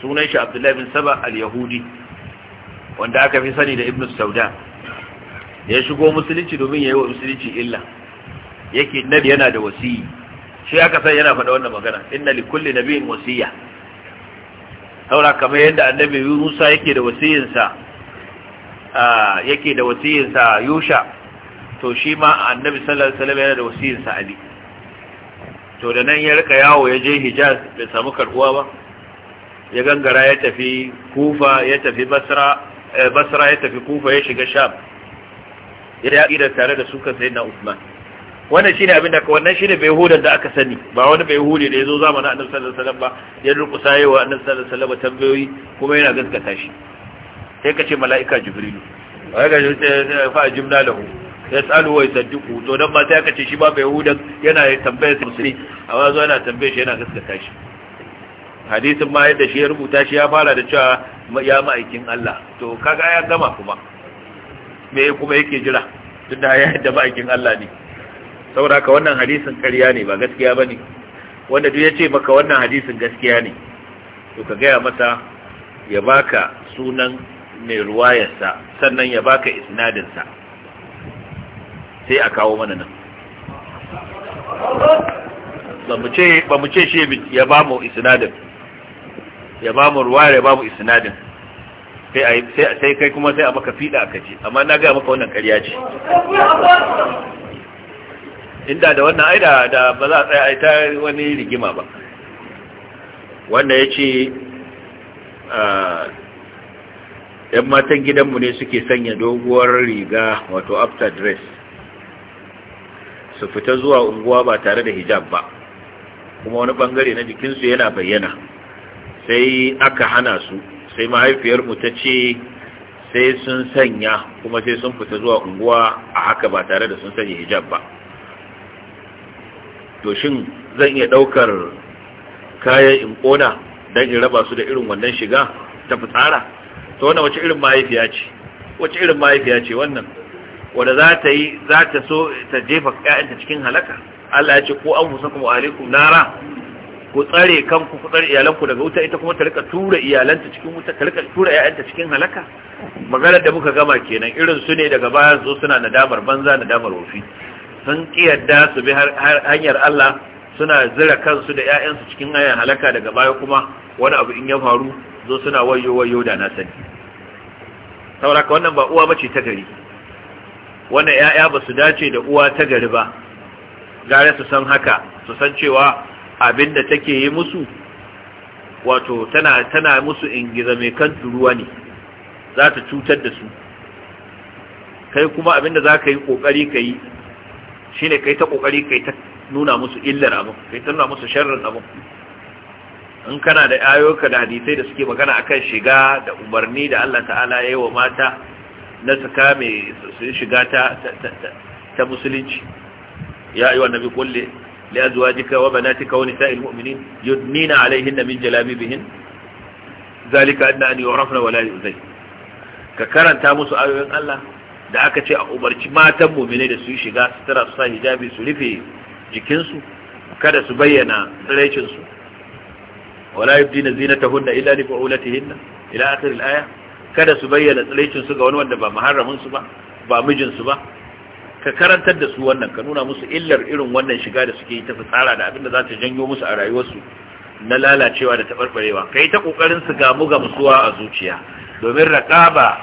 sunan shi abdullahi bin saba al-yahudi wanda aka fi sani da ibn sauda ya shigo musulunci domin ya yi wa musulunci illa yake nabi yana da wasiyi shi aka san yana faɗa wannan magana inna li kulli nabiyyin wasiyya saura kamar yadda annabi Musa yake da wasiyinsa yake da wasiyinsa Yusha to shi ma annabi sallallahu alaihi wasallam yana da wasiyinsa Ali to da nan ya rika yawo ya je hijaz bai samu karbuwa ba ya gangara ya tafi kufa ya tafi basra eh, basra ya tafi kufa ya shiga sham ya yi da tare da suka sai na usman wannan shine abin da wannan shine bai hudan da aka sani ba wani bai hudi da yazo zamanin annabi sallallahu alaihi wasallam ba ya rukusa wa annabi sallallahu alaihi wasallam tambayoyi kuma yana gaskata shi sai kace ce mala'ika jibrilu wa ga fa jimna lahu ya tsalu wai sadduku to dan ba sai aka ce shi ba huda yana tambayar musulmi amma zo yana tambaye shi yana gaskata shi hadisin ma yadda shi ya rubuta shi ya fara da cewa ya ma'aikin Allah to kaga ya gama kuma me kuma yake jira tunda ya yadda ma'aikin Allah ne saboda ka wannan hadisin ƙarya ne ba gaskiya bane wanda duk yace maka wannan hadisin gaskiya ne to ka gaya masa ya baka sunan mai ruwayarsa sannan ya baka isnadinsa sai a kawo mana nan ba mu ce shi ya ba mu isinadin ya ba mu ruwa ya ba mu isinadin sai kai kuma sai a maka fiɗa a kaji amma na gaya maka wannan ƙarya ce inda da wannan aida da ba za a tsaya a wani rigima ba wanda ya ce ‘yan matan gidanmu ne suke sanya doguwar riga wato after dress su fita zuwa unguwa ba tare da hijab ba kuma wani bangare na jikinsu yana bayyana sai aka hana su sai mahaifiyarmu ta ce sai sun sanya kuma sai sun fita zuwa unguwa a haka ba tare da sun sanya hijab ba to shin zan iya daukar kayan in ƙona don in raba su da irin wannan shiga ta fitsara to wannan wace irin mahaifiya ce wace irin mahaifiya ce wannan wanda za ta yi za ta so ta jefa ƴaƴanta cikin halaka Allah ya ce ko an fusa kuma alaikum nara ku tsare kanku ku tsare iyalanku daga wuta ita kuma ta rika tura iyalanta cikin wuta ta rika tura ƴaƴanta cikin halaka maganar da muka gama kenan irin su ne daga baya zo suna nadamar banza nadamar wofi sun kiyarda su bi hanyar Allah suna zira kansu da ƴaƴansu cikin hanyar halaka daga baya kuma wani abu in ya faru zo suna wayo wayo da na sani saboda wannan ba uwa bace ta gari wanda ‘ya'ya ba su dace da uwa ta gari ba gare su san haka su san cewa abin da take yi musu wato tana, tana musu ingiza mai kan turuwa ne za ta cutar da su kai kuma abin da za ka yi ƙoƙari ka yi shi ne kai ta ƙoƙari kai ta nuna musu illar abin kai ta nuna musu sharrin abin in kana da ayoka da hadisai da suke magana akan shiga da umarni da Allah ta'ala ya yi wa mata na su kame su shiga ta ta musulunci ya yi ayyuhan nabi kulli li azwajika wa banatika wa nisa'il mu'minin yudnina alaihinna min jalabibihin zalika adna an yu'rafna wa la yu'zay ka karanta musu ayoyin Allah da aka ce a umarci matan mu'mine da su yi shiga sutura su sa hijabi su rufe jikinsu kada su bayyana tsiraicinsu wala yubdina zinatahunna illa li bu'ulatihinna ila akhir al-ayah kada su bayyana tsalaicin su ga wani wanda ba muharramin ba ba mijin ba ka karantar da su wannan ka nuna musu illar irin wannan shiga da suke yi ta fitsara da abin da za ta janyo musu a rayuwarsu na lalacewa da taɓarɓarewa ka yi ta ƙoƙarin su gamu gamsuwa a zuciya domin raƙaba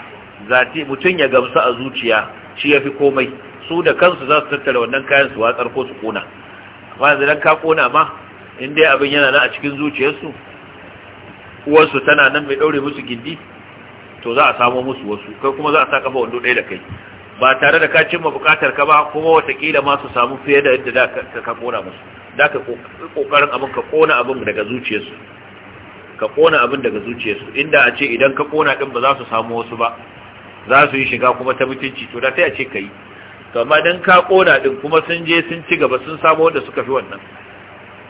zati mutum ya gamsu a zuciya shi ya fi komai su da kansu za su tattara wannan kayan su watsar ko su ƙona amma zidan ka ƙona ma in dai abin yana nan a cikin zuciyarsu uwarsu tana nan mai ɗaure musu gindi to za a samo musu wasu kai kuma za a sa kafa wando ɗaya da kai ba tare da ka ma bukatar ka ba kuma watakila ma su samu fiye da yadda da ka kona musu da ka kokarin abin ka kona abin daga zuciyarsu ka kona abin daga zuciyarsu inda a ce idan ka kona din ba za su samu wasu ba za su yi shiga kuma ta mutunci to da sai a ce kai to amma dan ka kona din kuma sun je sun ci gaba sun samu wanda suka fi wannan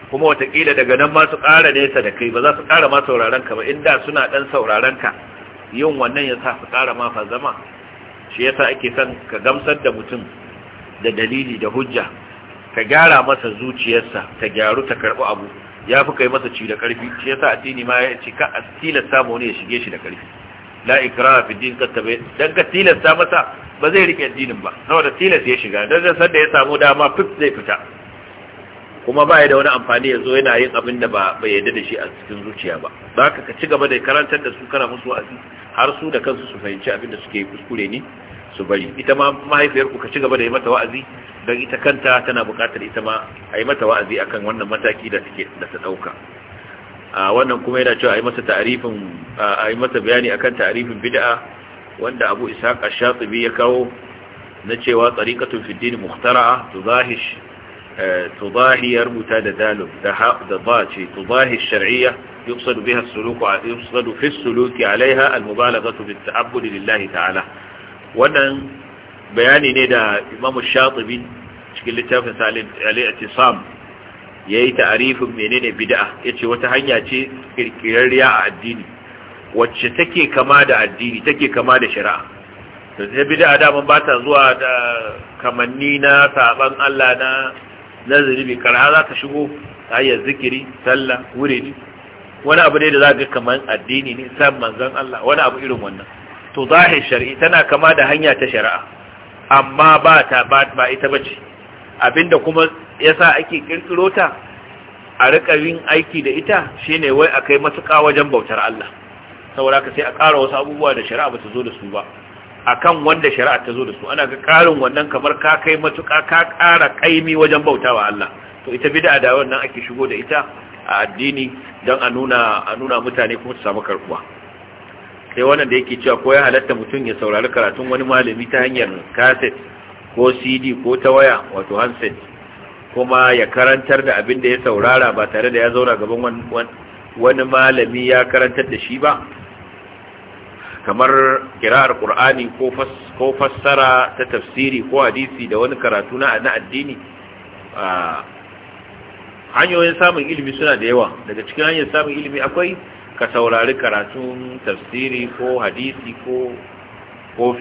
kuma watakila daga nan ma su ƙara nesa da kai ba za su ƙara ma sauraron ka ba inda suna dan sauraron ka yin wannan ya sa su ƙara mafa zama shi ya sa ake son ka gamsar da mutum da dalili da hujja ka gyara masa zuciyarsa ta gyaru ta karɓi abu ya fi kai masa ci da ƙarfi shi ya sa a tini ma ya ce ka a tilasta mu wani ya shige shi da ƙarfi la ikraha fi din ka tabe dan ka tilasta masa ba zai rike addinin ba saboda tilas ya shiga dan san da ya samu dama fit zai fita kuma ba ya da wani amfani ya zo yana yin abin da ba yadda da shi a cikin zuciya ba za ka ci gaba da karantar da su kana musu wa'azi har su da kansu su fahimci abin da suke kuskure ne su bari ita ma mahaifiyar ku ka ci gaba da yi mata wa'azi don ita kanta tana buƙatar ita ma a yi mata wa'azi akan wannan mataki da da ta ɗauka wannan kuma yana cewa a yi mata ta'arifin a yi masa bayani akan ta'arifin bid'a wanda Abu Ishaq Ash-Shatibi ya kawo na cewa tariqatun fi din muhtara'a tuzahish tubahi ya rubuta da dalib da ba ce tubahi shar'iyya yuqsadu biha as-suluku yuqsadu fi as-suluki al-mubalaghatu bi at lillahi ta'ala wannan bayani ne da Imam Shatibi cikin littafin Salim al-I'tisam yayi ta'arifin menene bid'a yace wata hanya ce kirkirarriya a addini wacce take kama da addini take kama da shari'a Da sai bid'a dama mun ba ta zuwa da kamanni na saban Allah na na zunubi kara za ta shigo ta hanyar zikiri sallah ne wani abu ne da za ga kamar addini ne san manzon Allah wani abu irin wannan to zahir shar'i tana kama da hanya ta shari'a amma ba ta ba ita bace abinda kuma yasa ake kirkiro ta a rika yin aiki da ita shine wai akai matuƙa wajen bautar Allah saboda ka sai a ƙara wasu abubuwa da shari'a ba ta zo da su ba akan wanda shari'a ta zo da su ana ga karin wannan kamar ka kai matuƙa ka ƙara kaimi wajen bautawa Allah to ita bid'a da wannan ake shigo da ita a addini don a nuna a nuna mutane kuma su samu karbuwa sai wannan da yake cewa ko ya halatta mutum ya saurari karatun wani malami ta hanyar cassette ko CD ko ta waya wato handset kuma ya karantar da abin da ya saurara ba tare da ya zauna gaban wani malami ya karantar da shi ba kamar kira'ar qur'ani ko fassara ta tafsiri ko hadisi da wani karatu na addini hanyoyin samun ilimi suna da yawa daga cikin hanyar samun ilimi akwai ka saurari karatun tafsiri ko hadisi ko ko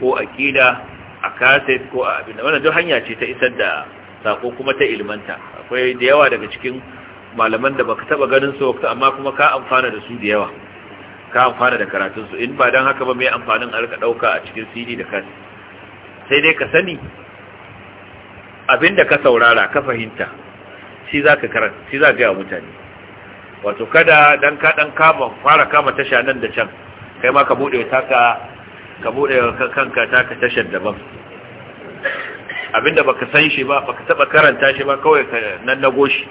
ko aqida a kaset ko abin da wannan duk hanya ce ta isar da sako kuma ta ilmanta akwai da yawa daga cikin malaman da baka taba ganin su amma kuma ka amfana da su da yawa ka amfana da karatunsu in ba don haka ba mai amfanin alka ɗauka a cikin cd da kan sai dai ka sani abinda ka saurara ka fahimta shi za ka karanta shi za ka gaya mutane wato kada dan ka dan kama fara kama tasha nan da can kai ma ka bude taka ka bude kanka taka tashar daban abinda baka san shi ba baka taba karanta shi ba kawai ka nan na shi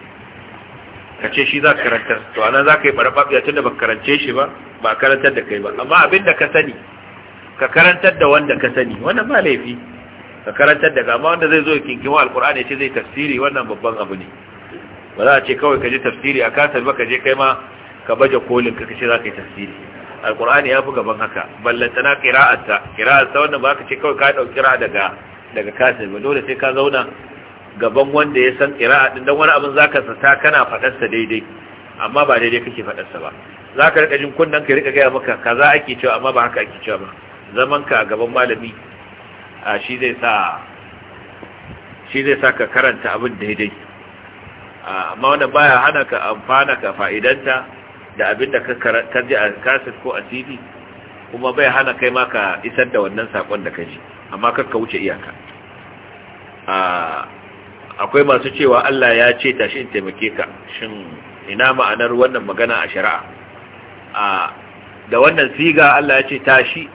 ka ce shi za ka karantar to ana za ka yi ɓarɓaɓiya tun da ba karance shi ba ba karantar da kai ba amma abin da ka sani ka karantar da wanda ka sani wannan ba laifi ka karantar da gama wanda zai zo kima alkur'ani ya ce zai tafsiri wannan babban abu ne ba za a ce kawai ka je tafsiri a kasar ba ka je kai ma ka baje kolin ka ce za ka yi tafsiri alkur'ani ya fi gaban haka ballantana kira'arta kira'arta wannan ba ka ce kawai ka ɗauki kira daga daga kasar ba dole sai ka zauna gaban wanda ya san ƙira'a din dan wani abin zaka sata kana faɗarsa daidai amma ba daidai kake faɗarsa ba zaka rika jin kunnan ka rika gaya maka kaza ake cewa amma ba haka ake cewa ba zaman ka a gaban malami a shi zai sa shi zai sa ka karanta abin daidai amma wanda baya hana ka amfana ka fa'idanta da abin da ka ji a kaset ko a tv kuma bai hana kai ma ka isar da wannan sakon da ka ji amma ka wuce iyaka akwai masu cewa Allah ya ce tashi in taimake ka shin ina ma'anar wannan magana a shari'a a da wannan siga Allah ya ce tashi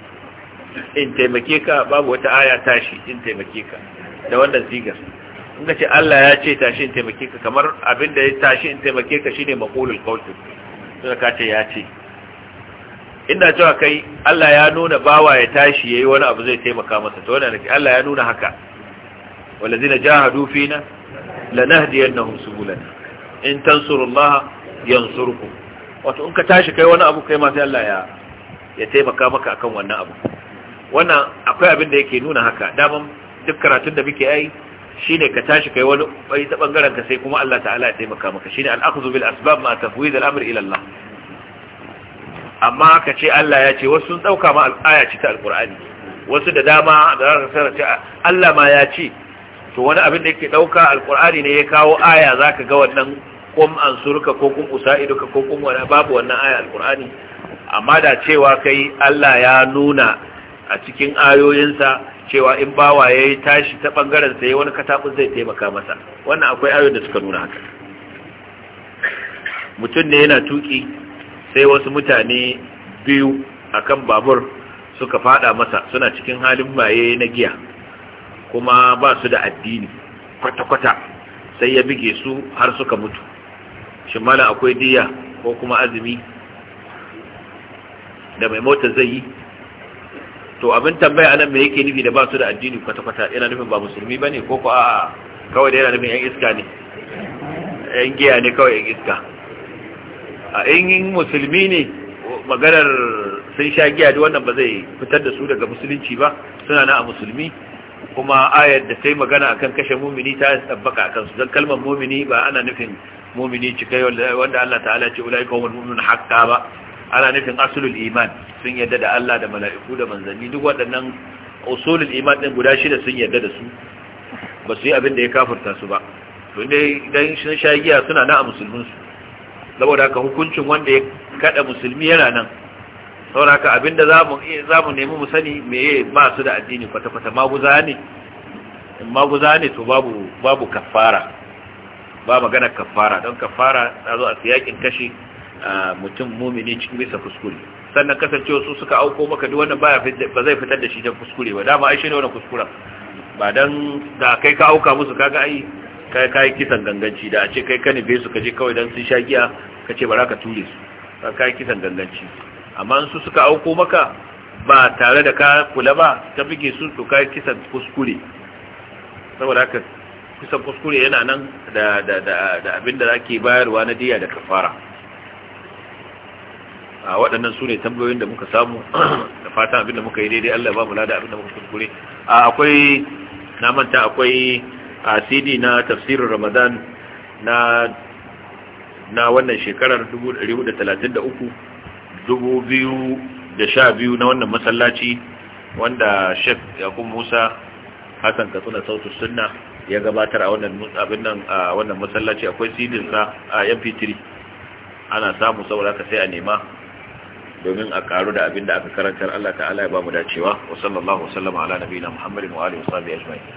in taimake ka babu wata aya tashi in taimake ka da wannan siga. in ka ce Allah ya ce tashi in taimake ka kamar abin da ya tashi in taimake ka shine maqulul qawl to ka ce ya ce inda cewa kai Allah ya nuna bawa ya tashi yayi wani abu zai taimaka masa to wannan Allah ya nuna haka والذين جاهدوا فينا لنهدينهم سبلنا إن تنصروا الله ينصركم wato in ka tashi kai wani abu kai ma sai ya taimaka maka akan wannan abu wannan akwai abin da yake nuna haka daman duk karatun da muke yi shine ka tashi kai wani bai ta bangaren ka sai kuma Allah ta'ala ya taimaka maka shine al-akhdhu asbab ma tafwid al-amr ila Allah amma ka ce Allah ya ce wasu sun dauka ma al ce ta al wasu da dama da Allah ma ya ce to wani abin da yake ɗauka alkur'ani ne ya kawo aya za ka ga wannan kum ansuruka ko kum usaiduka ko kum wani babu wannan aya alkur'ani amma da cewa kai Allah ya nuna a cikin ayoyinsa cewa in bawa yayi tashi ta bangaren sai wani katabun zai taimaka masa wannan akwai ayoyin da suka nuna haka mutum ne yana tuki sai wasu mutane biyu akan babur suka fada masa suna cikin halin maye na giya kuma ba su da addini kwata-kwata sai ya bige su har suka mutu shi mala akwai diya ko kuma azumi da mai mota zai yi to abin tambaya anan me yake nufi da ba su da addini kwata-kwata yana nufin ba musulmi ba ne ko ko a kawai da yana nufin yan iska ne yan giya ne kawai yan iska a yin musulmi ne maganar sun sha giya da wannan ba zai fitar da su daga musulunci ba suna na a musulmi kuma ayar da ta yi magana akan kashe mumini ta tsabbaka akan su don kalmar mumini ba ana nufin mumini cikai wanda Allah ta'ala ce ulai kawon mumin haƙƙa ba ana nufin asulul iman sun yadda da Allah da mala'iku da manzanni duk waɗannan usulul iman ɗin guda shida sun yadda da su ba su yi abin da ya kafurta su ba to ne dan sun sha giya suna na a musulmin su saboda haka hukuncin wanda ya kada musulmi yana nan sauraka abinda za mu nemi mu sani meye ba su da addini kwata-kwata maguza ne in maguza ne to babu babu kafara ba magana kafara don kafara ta zo a siyakin kashi mutum mumini cikin bisa kuskure sannan kasancewa su suka auko maka duk wannan baya ba zai fitar da shi don kuskure ba dama ai shi ne wannan kuskura. ba dan da kai ka auka musu kaga ai kai kai kisan ganganci da a ce kai ka nufe su ka je kawai dan sun sha giya ka ce ba za ka ture su ka kai kisan ganganci amma su suka auko maka ba tare da ka kula ba ta buge su to kai kisan kuskure saboda haka kisan kuskure yana nan da da da da abinda zake bayarwa na diya da kafara a waɗannan su ne tambayoyin da muka samu [clears throat] da fatan abinda muka yi daidai Allah ba mu lada abinda muka kuskure a akwai na manta akwai a CD na tafsirin Ramadan na na wannan shekarar 1433 Dubu biyu da sha biyu na wannan masallaci wanda Sheikh Yakub Musa Hassan Katsina Sautu Sunna ya gabatar a wannan masallaci akwai sidin a MP3 ana samu saboda ka sai a nema domin a karu da abin da aka karantar Allah ta'ala ya ba mu dacewa Wasallama wasallama ala nabiyina Muhammadin Muhammadu alihi wa